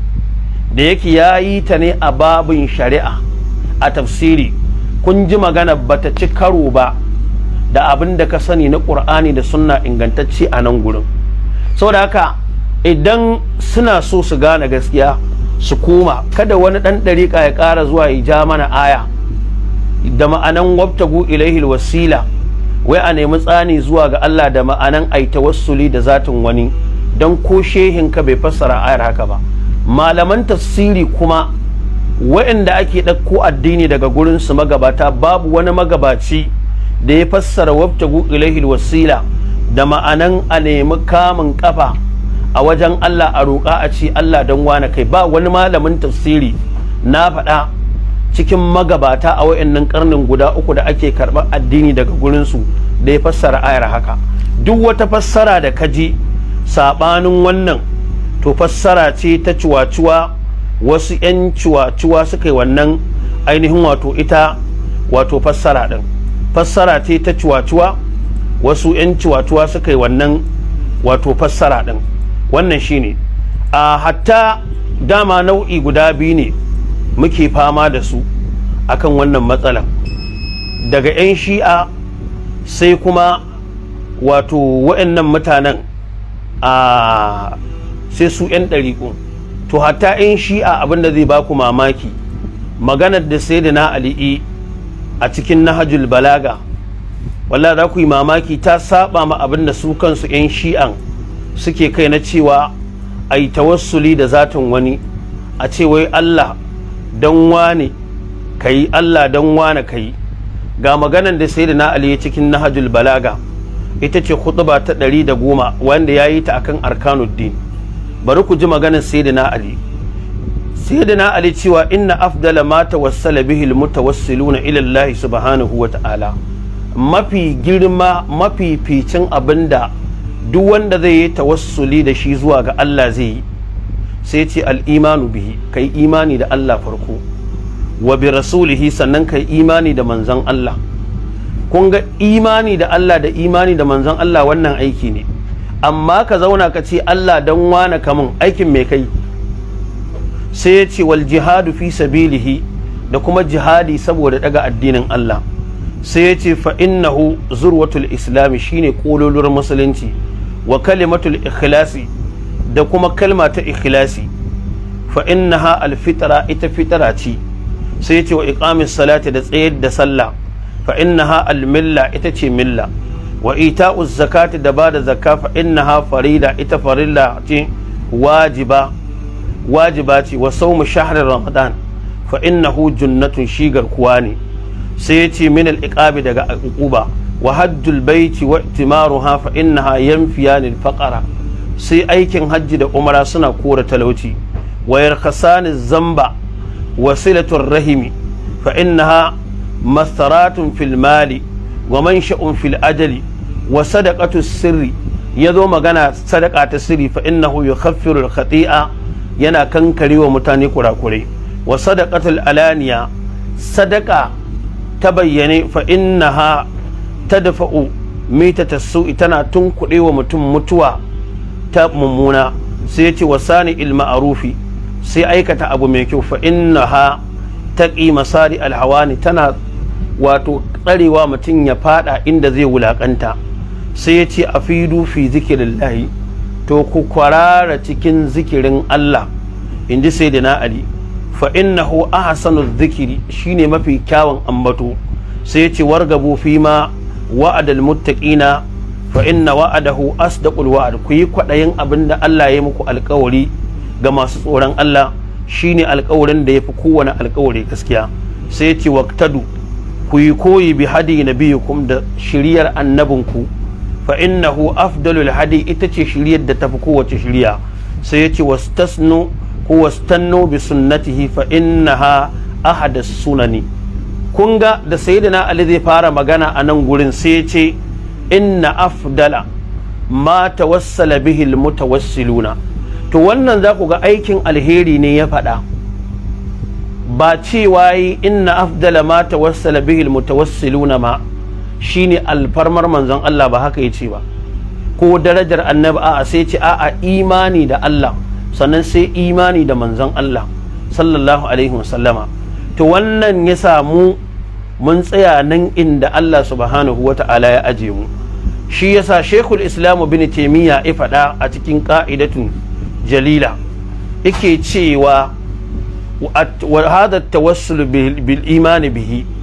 S1: da yake yayi ta ne a babun shari'a a tafsiri kun ji magana bata ci karo ba da abin da ka sani na ƙur'ani da suna ingantacce a nan gurin saboda haka idan suna so su gane gaskiya su koma kada wani ɗan ɗariƙa ya ƙara zuwa ya ja mana aya da ma'anan wabtagu ilaihil wasila wai a nemi tsani zuwa ga Allah da ma'anan ai tawassuli da zatin wani don ko shehin ka bai fassara ayar haka ba malaman tafsiri kuma waɗanda ake ɗauko addini daga gurin su magabata babu wani magabaci da ya fassara wabtagu ilaihi wasila da ma'anan a nemi kamun kafa a wajen Allah a roƙa a ci Allah don wane kai ba wani malamin tafsiri na faɗa cikin magabata a wayannan karnin guda uku da ake karɓar addini daga gurinsu da ya fassara ayar haka duk wata fassara da kaji saɓanin wannan to fassara ce ta cuwa-cuwa wasu 'yan cuwa suka yi wannan ainihin wato ita wato fassara ɗin fassara ce ta ciwaciwa wasu 'yan ciwaciwa suka yi wannan wato fassara ɗin wannan shine a hatta dama nau'i guda biyu ne muke fama da su akan wannan matsalan daga 'yan shi'a sai kuma wato wa'annan mutanen a sai su 'yan ɗariƙun to hatta 'yan shi'a abinda zai baku mamaki maganar da sai da na ali'i a cikin nahajul balaga wallah za ku yi mamaki ta saba ma abin da su kansu 'yan shi'an suke kai na cewa a yi tawassuli da zatin wani a ce wai Allah don wane ka yi Allah don wane ka yi ga maganan da sai da na Ali cikin nahajul balaga ita ce hutuba ta ɗari da goma wanda ya yi ta akan arkanuddin bari ku ji maganan sai da na Ali na ali cewa inna afdala ma tawassala bihi almutawassiluna ila Allah subhanahu wata'ala mafi girma mafi ficin abinda duk wanda zai yi tawassuli da shi zuwa ga Allah zai yi sai ce al'imanu bihi kai imani da Allah farko wa rasulihi sannan kai imani da manzon Allah kun ga imani da Allah da imani da manzon Allah wannan aiki ne amma ka zauna ka ce Allah dan wane kamun aikin mai kai sai ya ce wal jihadu fi sabilihi da kuma jihadi saboda daga addinin Allah sai ya ce fa innahu zurwatul islami shine kololuwar musulunci wa kalimatul ikhlasi da kuma kalma ta ikhlasi fa innaha alfitra ita fitara ce sai ya ce wa iqamis salati da tsayar da sallah fa innaha milla ita ce milla wa ita'uz zakati da bada zakka fa innaha farida ita farilla ce wajiba wajiba ce wa saumu shahrar ramadan fa innahu junnatun shi garkuwa ne sai ya ce min al'iqabi daga al'uba wa hajjul baiti wa timaruha fa innaha yanfiyanil faqara sai aikin hajji da umara suna kora talauci wa yarkasani zamba wasilatul rahimi fa innaha masaratun fil mali wa mansha'un fil ajali wa sadaqatu sirri yazo magana sadaqa ta sirri fa innahu yukhaffiru al khati'a yana kankare wa mutane kurakurai wa sadaqatul alaniya sadaka ta bayyane fa innaha tadfa'u mita tasu'i tana tunkuɗe wa mutum mutuwa ta mummuna sai ya ce wa sani il ma'arufi sai aikata abu mai kyau fa innaha taqi masari alhawani tana wato tsarewa mutum ya fada inda zai wulakanta sai ya ce a fi zikirillahi to ku kwarara cikin zikirin Allah in ji sai na Ali fa innahu ahsanu zikiri shine mafi kyawun ambatu sai ya ce wargabu fi ma wa'adal muttaqina fa inna wa'adahu asdaqul wa'ad ku yi kwadayin abinda Allah ya muku alkawari ga masu tsoron Allah shine alkawarin da yafi kowane alkawari gaskiya sai ya ce waqtadu ku yi koyi bi hadi na nabiyukum da shiriyar annabinku fa innahu afdalul hadi ita ce shiryar da tafi kowace shirya sai yace wastasnu ko wastannu bi sunnatihi fa innaha ahadus sunani kun ga da sayyidina ali zai fara magana a nan gurin sai ce inna afdala ma tawassala bihi almutawassiluna to wannan za ku ga aikin alheri ne ya faɗa ba cewa inna afdala ma tawassala bihi almutawassiluna ma shine alfarmar manzon Allah ba haka yace ba ko darajar annabi a sai ce a'a imani da Allah sannan sai imani da manzon Allah sallallahu alaihi wasallama to wannan ya samu mun tsaya nan inda Allah subhanahu wata'ala ya aje mu shi yasa shekul Islam bin taimiyya ya faɗa a cikin ƙa'idatu jalila yake cewa wa hadha tawassul bil imani bihi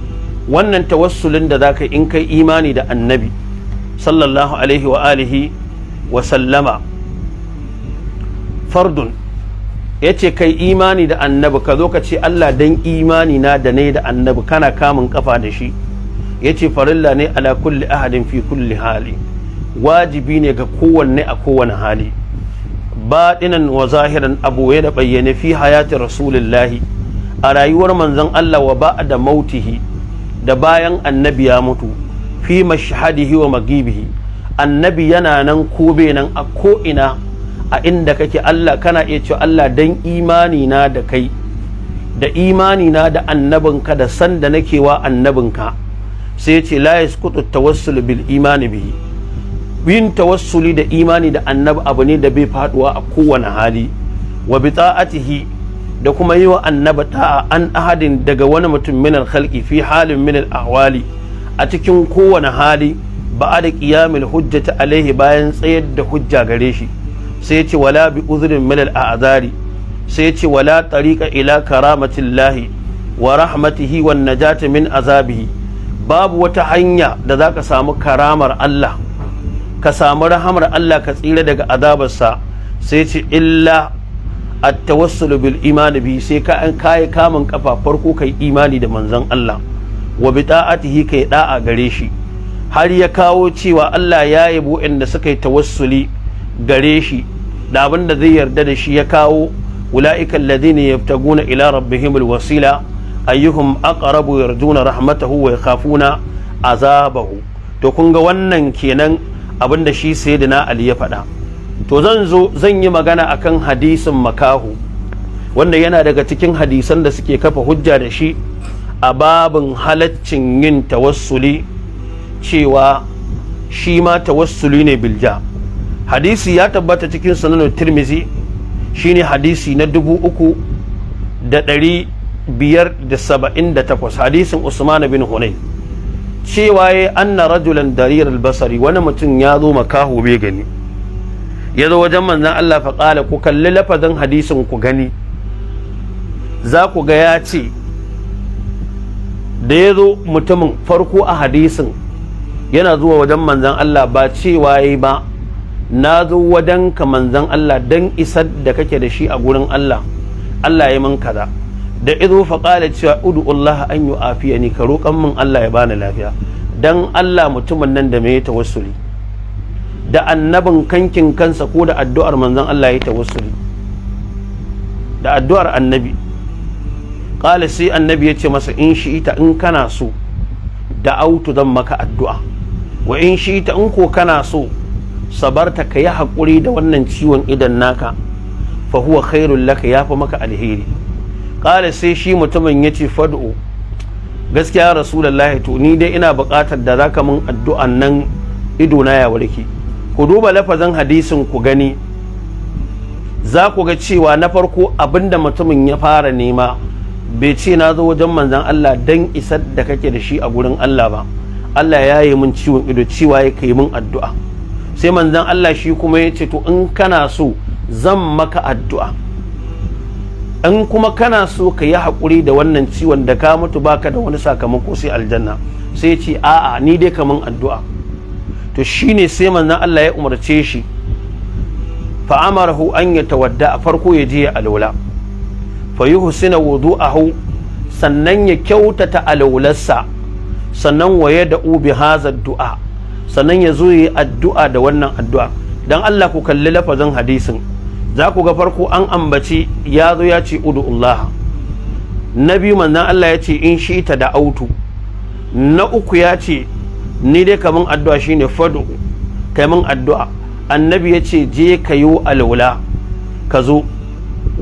S1: wannan tawassulin da zaka in kai imani da annabi sallallahu alaihi wa alihi wa sallama fardun ya ce kai imani da annabi ka zo ka ce Allah dan imani na da ne da annabi kana kamun kafa da shi ya ce farilla ne ala kulli ahadin fi kulli hali wajibi ne ga kowanne a kowane hali baɗinan wa zahiran abu ya da bayyane fi hayati rasulillahi a rayuwar manzon Allah wa ba'a da mautihi da bayan annabi ya mutu fi mashhadihi wa magibihi annabi yana nan ko bai nan a ko ina a inda kake Allah kana iya cewa Allah dan imani na da kai da imani na da annabinka da sanda da nake wa annabinka sai ya ce la yasqutu tawassul bil imani bihi yin tawassuli da imani da annabi abu ne da bai faduwa a kowane hali wa bi ta'atihi da kuma yi wa annaba ta'a an ahadin daga wani mutum minal khalqi fi halin minal ahwali a cikin kowane hali ba'a da hujja hujjata alaihi bayan tsayar da hujja gare shi sai ce wala bi uzrin minal a'zari sai ce wala tariqa ila karamatillahi wa rahmatihi wan najati min azabihi babu wata hanya da za ka samu karamar Allah ka samu rahamar Allah ka tsira daga azabarsa sai ce illa a tawassul bil iman bi sai ka an kai kamun ƙafa farko kai imani da manzon Allah wa atihi ta'atihi kai da'a gare shi har ya kawo cewa Allah ya yabo inda suka yi tawassuli gare shi da abin da zai yarda da shi ya kawo ulaika alladhina yabtaguna ila rabbihimul wasila ayyuhum aqrabu na rahmatahu wa a azabahu to kun ga wannan kenan abinda shi sayyidina ali ya faɗa to zan zo zan yi magana akan hadisin makahu wanda yana daga cikin hadisan da suke kafa hujja da shi a babin halaccin yin tawassuli cewa shi ma tawassuli ne bilja hadisi ya tabbata cikin sanannu tirmizi shine hadisi na dubu uku da ɗari biyar da saba'in da takwas hadisin usman bin hunay cewa ya anna rajulan darir albasari wani mutum ya zo makaho bai gani ya zo wajen manzan Allah faƙala ku kalli lafazin hadisin ku gani za ku ga ya ce da ya zo mutumin farko a hadisin yana zuwa wajen manzan Allah ba cewa yi ba na zo wajen ka manzan Allah don isar da kake da shi a gurin Allah Allah ya min kaza da izo faƙala cewa udu Allah an yi afiya ni ka roƙan min Allah ya bani lafiya don Allah mutumin nan da me ya tawassuli da annabin kankin kansa ko da addu'ar manzon Allah ya tawassuli da addu'ar annabi kala sai annabi ya ce masa in shi ita in kana so da autu zan maka addu'a wa in shi ita in ko kana so sabarta ka yi haƙuri da wannan ciwon idan naka fa huwa khairul laka yafi maka alheri kala sai shi mutumin ya ce fad'u gaskiya rasulullahi to ni dai ina buƙatar da zaka min addu'an nan idona ya warke ku duba lafazin hadisin ku gani za ku ga cewa na farko abinda mutumin ya fara nema bai ce na zo wajen manzan Allah dan isar da kake da shi a gurin Allah ba Allah ya yi min ciwon ido cewa ya kai min addu'a sai manzan Allah shi kuma ya ce to in kana so zan maka addu'a in kuma kana so ka yi haƙuri da wannan ciwon da ka mutu baka da wani sakamako sai aljanna sai ce a'a ni dai kaman addu'a to shine sai manzon Allah ya umarce shi fa amarahu an yatawadda a farko ya je ya alwala fa yuhsina wudu'ahu sannan ya kyautata alwalarsa sannan waye da ubi haza du'a sannan ya zo yi addu'a da wannan addu'a dan Allah ku kalli lafazin hadisin za ku ga farko an ambaci ya zo ya ce udu'ullaha na biyu manzon Allah ya ce in shi ta da autu na uku ya ce ni dai kaman addu'a shine fadu kai min addu'a annabi ya ce je ka yi alwala ka zo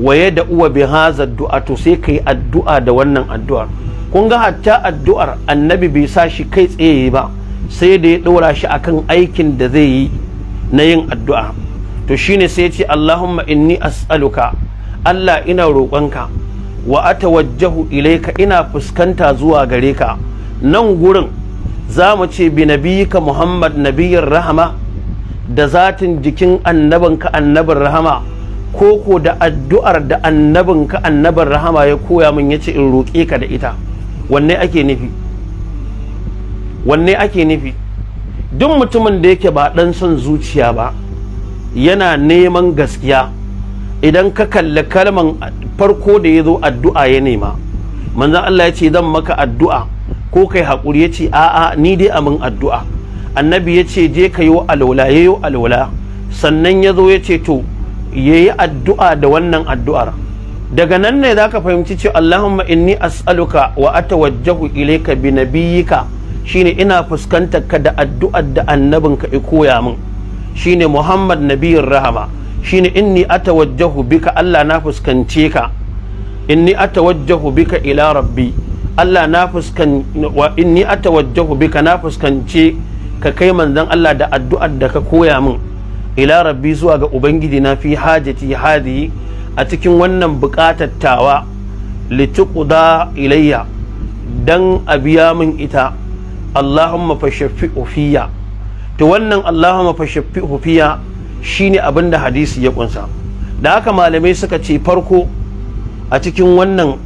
S1: waye da uwa bi haza du'a to sai ka yi addu'a da wannan addu'ar kun ga hatta addu'ar annabi bai sa shi kai tsaye ba sai da ya ɗora shi akan aikin da zai yi na yin addu'a to shine sai ce Allahumma inni as'aluka Allah ina roƙonka wa atawajjahu ilaika ina fuskanta zuwa gare ka nan gurin za mu ce bi nabiyika muhammad nabiyar rahama da zatin jikin annabinka annabin rahama ko ko da addu'ar da annabinka annabin rahama ya koya min ya ce in roƙe ka da ita wanne ake nufi wanne ake nufi duk mutumin da yake ba ɗan son zuciya ba yana neman gaskiya idan ka kalli kalman farko da ya zo addu'a ya nema manzan Allah ya ce zan maka addu'a ko kai haƙuri ya ce a'a ni dai amin addu'a annabi ya ce je ka yi wa alwala ya yi alwala sannan ya zo ya ce to ya yi addu'a da wannan addu'ar daga nan ne za ka fahimci ce Allahumma inni as'aluka wa atawajjahu ilayka bi nabiyyika shine ina fuskantar ka da addu'ar da annabinka ya koya min shine Muhammad biyun rahama shine inni atawajjahu bika Allah na fuskance ka inni atawajjahu bika ila rabbi Allah na fuskan wa inni atawajjahu bika na fuskanci ka kai manzon Allah da addu'ar da ka koya min ila rabbi zuwa ga ubangiji na fi hajati hadi a cikin wannan buƙatar tawa lituqda ilayya dan a biya min ita Allahumma fashaffi ufiya to wannan Allahumma fashaffi ufiya shine abinda hadisi ya kunsa da haka malamai suka ce farko a cikin wannan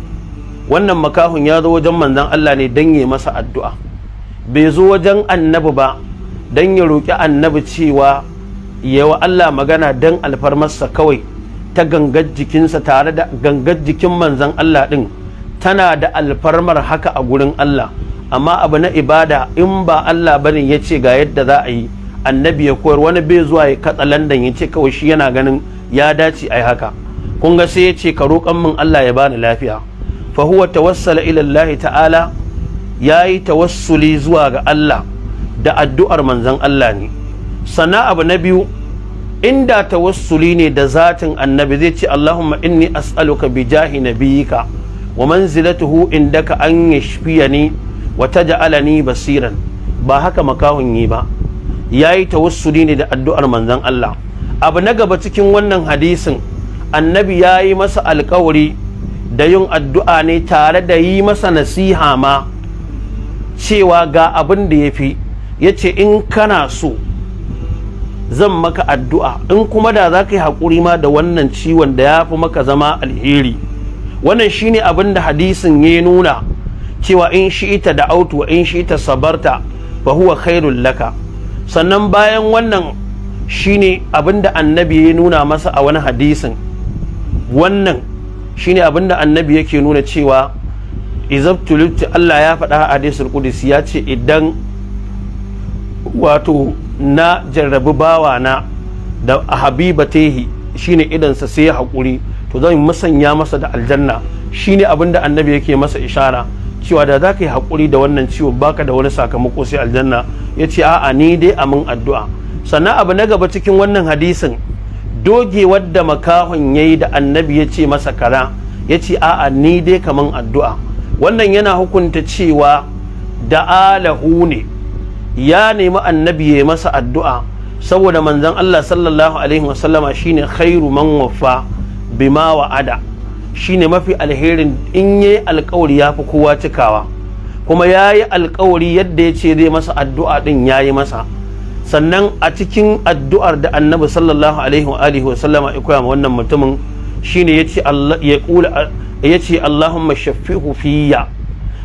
S1: wannan makahun ya zo wajen manzan Allah ne don ya masa addu'a bai zo wajen annabi ba don ya roƙi annabi cewa yawa Allah magana don alfarmarsa kawai ta gangar jikinsa tare da gangar jikin manzan Allah ɗin tana da alfarmar haka a gurin Allah amma abu na ibada in ba Allah bane ya ce ga yadda za a yi annabi ya koyar wani bai zuwa ya katsa landan ya ce kawai shi yana ganin ya dace a yi haka kun ga sai ya ce ka roƙon min Allah ya bani lafiya fa huwa tawassala ila Allah ta'ala yayi tawassuli zuwa ga Allah da addu'ar manzon Allah ne sana abu na biyu inda tawassuli ne da zatin annabi zai ce Allahumma inni as'aluka bi jahi nabiyika wa manzilatuhu indaka an yashfiyani wa taj'alani basiran ba haka makahon yi ba yayi tawassuli ne da addu'ar manzon Allah abu na gaba cikin wannan hadisin annabi ya yi masa alƙawari da yin addu'a ne tare da yi masa nasiha ma cewa ga abin da ya fi ya ce in kana so zan maka addu'a in kuma da za ka yi haƙuri ma da wannan ciwon da ya fi maka zama alheri wannan shine abin da hadisin ya nuna cewa in shi ita da autu in shi ita sabarta ba huwa khairun laka sannan bayan wannan shine abin da annabi ya nuna masa a wani hadisin wannan shine abinda annabi yake nuna cewa izabtulibti Allah ya faɗa a hadisul qudsi ya ce idan wato na jarrabi bawa na da habiba habibatehi shine idansa sai ya haƙuri to zan masanya masa da aljanna shine abinda annabi yake masa ishara cewa da zaka yi haƙuri da wannan ciwon baka da wani sakamako sai aljanna ya ce a'a ni dai amin addu'a sannan abu na gaba cikin wannan hadisin dogewar da makahon ya yi da annabi ya ce masa kara ya ce a'a ni dai kaman addu'a wannan yana hukunta cewa da alahu ne ya nemi annabi ya masa addu'a saboda manzon Allah sallallahu alaihi wasallama shine khairu man wafa bima wa'ada shine mafi alherin in yayi ya fi kowa cikawa kuma yayi alkawari yadda ya ce zai masa addu'a din yayi masa sannan a cikin addu'ar da annabi sallallahu alaihi wa alihi wa sallama ya koya wannan mutumin shine yace Allah ya kula yace Allahumma shaffihu fiyya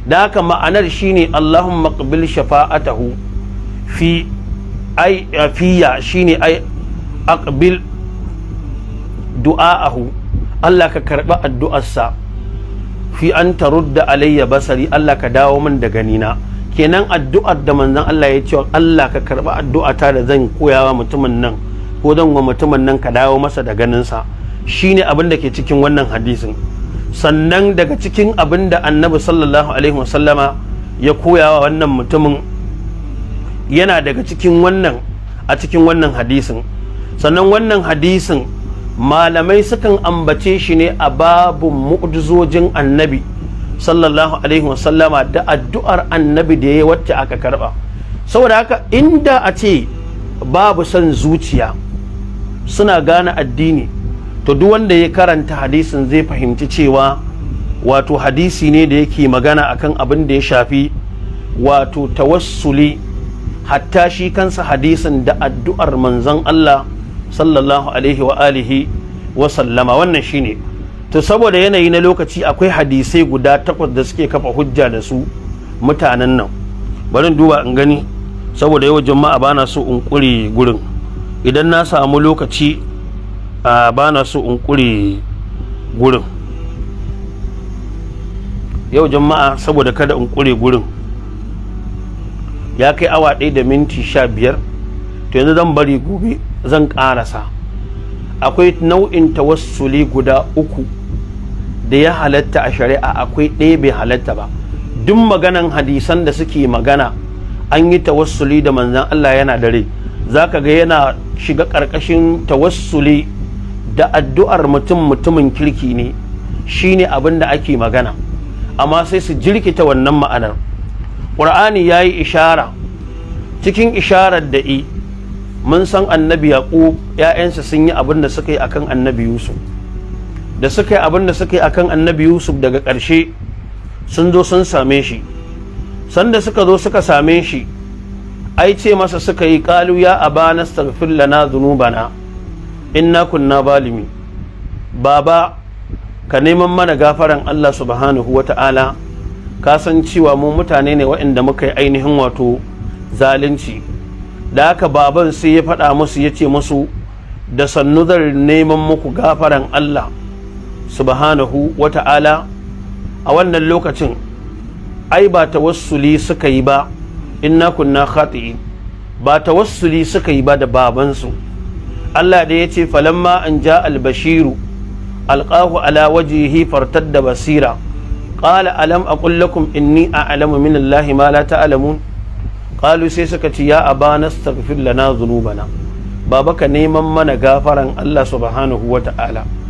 S1: da haka ma'anar shine Allahumma qabil shafa'atahu fi ai fiyya shine ai aqbil du'aahu Allah ka karba addu'arsa fi an tarudda alayya basari Allah ka dawo min da ganina kenan addu'ar da manzon Allah ya ce Allah ka karba addu'a ta da zan koyawa mutumin nan ko zan wa mutumin nan ka dawo masa da ganin sa shine abin da ke cikin wannan hadisin sannan daga cikin abin da annabi sallallahu alaihi wasallama ya koyawa wannan mutumin yana daga cikin wannan a cikin wannan hadisin sannan wannan hadisin malamai sukan ambace shi ne a babun mu'jizojin annabi sallallahu alaihi wasallama da addu'ar annabi da ya wacce aka karba saboda haka inda a ce babu son zuciya suna gane addini to duk wanda ya karanta hadisin zai fahimci cewa wato hadisi ne da yake magana akan abin da ya shafi wato tawassuli hatta shi kansa hadisin da addu'ar manzon Allah sallallahu alaihi wa alihi wa sallama wannan shine to saboda yanayi na lokaci akwai hadisai guda takwas da suke kafa hujja da su mutanen nan barin duba in gani saboda yau jama'a bana so in kure gurin idan na samu lokaci bana so in kure gurin yau jama'a saboda kada in kure gurin ya kai awa ɗaya da minti sha biyar to yanzu zan bari gobe zan ƙarasa akwai nau'in tawassuli guda uku da ya halatta a shari'a akwai ɗaya bai halatta ba duk maganan hadisan da suke magana an yi tawassuli da manzan Allah yana dare za ka ga yana shiga ƙarƙashin tawassuli da addu'ar mutum mutumin kirki ne shi ne abin da ake magana amma sai su jirkita wannan ma'anar ƙur'ani ya yi ishara cikin isharar da i mun san annabi yaƙub ‘ya'yansa sun yi abin da suka yi akan annabi yusuf da suka yi abin da suka yi akan annabi yusuf daga ƙarshe sun zo sun same shi sanda suka zo suka same shi ai ce masa suka yi ƙalu ya abana astaghfir lana in inna kunna balimi baba ka neman mana gafaran Allah subhanahu wata'ala ka san cewa mu mutane ne waɗanda muka yi ainihin wato zalunci da haka baban sai ya faɗa musu ya ce musu da sannu zan neman muku gafaran Allah subhanahu wata'ala a wannan lokacin ai ba tawassuli suka yi ba inna kunna khati'in ba tawassuli suka yi ba da babansu Allah da ya ce falamma an ja albashiru alqahu ala wajihi da basira qala alam aqul lakum inni a'lamu min Allah ma la ta'lamun qalu sai suka ce ya abana astaghfir lana dhunubana baba ka neman mana gafaran Allah subhanahu wata'ala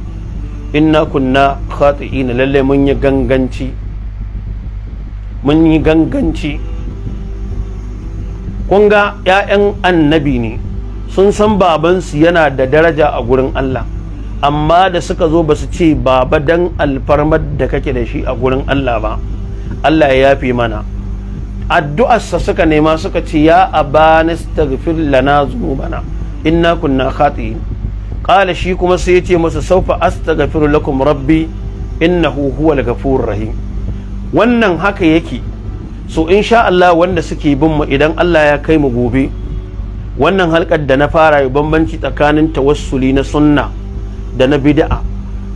S1: inna kunna khati'ina lalle mun yi ganganci mun yi ganganci kun ga 'ya'yan annabi ne sun san babansu yana da daraja a gurin Allah amma da suka zo ba su ce baba dan alfarmar da kake da shi a gurin Allah ba Allah ya yafe mana addu'arsa suka nema suka ce ya abana staghfir lana zunubana inna kunna khati'ina Ƙala shi kuma sai ce masa saufa astaghfiru lakum rabbi innahu daga rahim wannan haka yake so insha Allah wanda suke bin mu idan Allah ya kai mu gobe wannan halkar da na fara yi bambanci tsakanin tawassuli na sunna da na bida'a.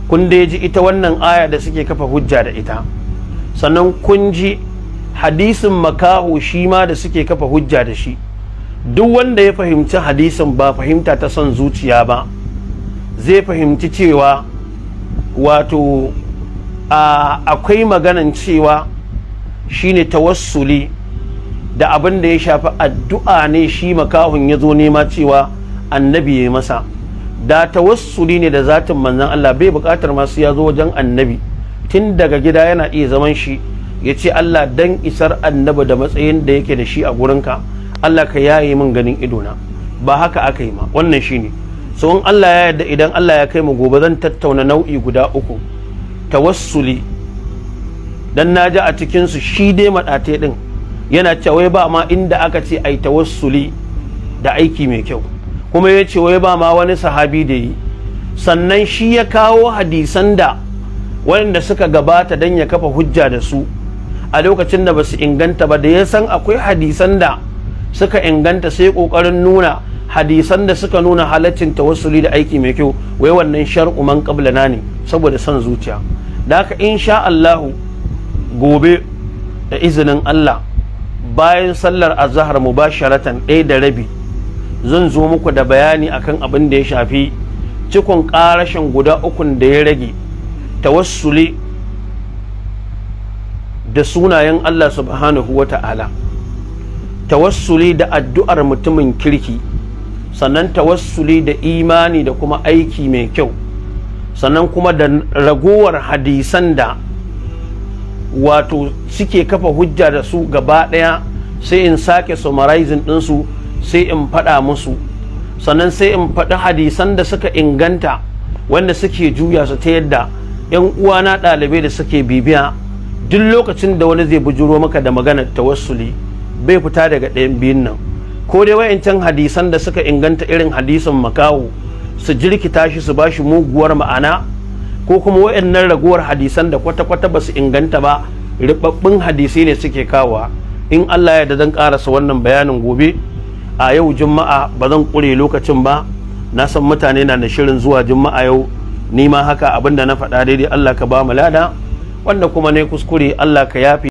S1: kun da ji ita wannan aya da suke kafa hujja da ita sannan kun ji hadisin makaho shi ma da suke kafa hujja da shi duk wanda ya fahimci hadisin ba fahimta ta son zuciya ba zai fahimci cewa wato akwai maganan cewa shine tawassuli da abin da ya shafi addu'a ne shi makahun ya zo nema cewa annabi ya masa da tawassuli ne da zatin manzan Allah bai bukatar masu ya zo wajen annabi tun daga gida yana iya zaman shi ya ce Allah dan isar annabi da matsayin da yake da shi a gurinka Allah ka yaye min ganin idona ba haka aka yi ma wannan shine ne so in Allah ya yarda idan Allah ya kai mu gobe zan tattauna nau'i guda uku tawassuli dan naji a cikin su shi dai madate din yana cewa wai ba ma inda aka ce ai tawassuli da aiki mai kyau kuma ya ce wai ba ma wani sahabi da yi sannan shi ya kawo hadisan da waɗanda suka gabata dan ya kafa hujja da su a lokacin da ba su inganta ba da ya san akwai hadisan da suka inganta sai kokarin nuna hadisan da suka nuna halaccin tawassuli da aiki mai kyau wai wannan shar'u man ne saboda son zuciya da haka insha Allah gobe da izinin Allah bayan sallar azhar mubasharatan ɗaya da rabi zan zo muku da bayani akan abin da ya shafi cikon ƙarashin guda ukun da ya rage tawassuli da sunayen Allah subhanahu wa ta'ala tawassuli da addu'ar mutumin kirki sannan tawassuli da imani da kuma aiki mai kyau sannan kuma da ragowar hadisan da wato suke kafa hujja da su gaba ɗaya sai in sake summarizing ɗinsu sai in faɗa musu sannan sai in faɗi hadisan da suka inganta wanda suke juya su ta yadda 'yan uwana ɗalibai da suke bibiya duk lokacin da wani zai bujuro maka da maganar tawassuli bai fita daga ɗayan biyun nan ko dai wayancan hadisan da suka inganta irin hadisan makawo su jirkita shi su bashi muguwar ma'ana ko kuma wayannan raguwar hadisan da kwata-kwata ba su inganta ba ribabbin hadisi ne suke kawa in Allah ya zan karasa wannan bayanin gobe a yau juma'a ba zan kure lokacin ba na san mutane na da shirin zuwa juma'a yau ni ma haka abinda na faɗa daidai Allah ka ba mu lada wanda kuma ne kuskure Allah ka yafi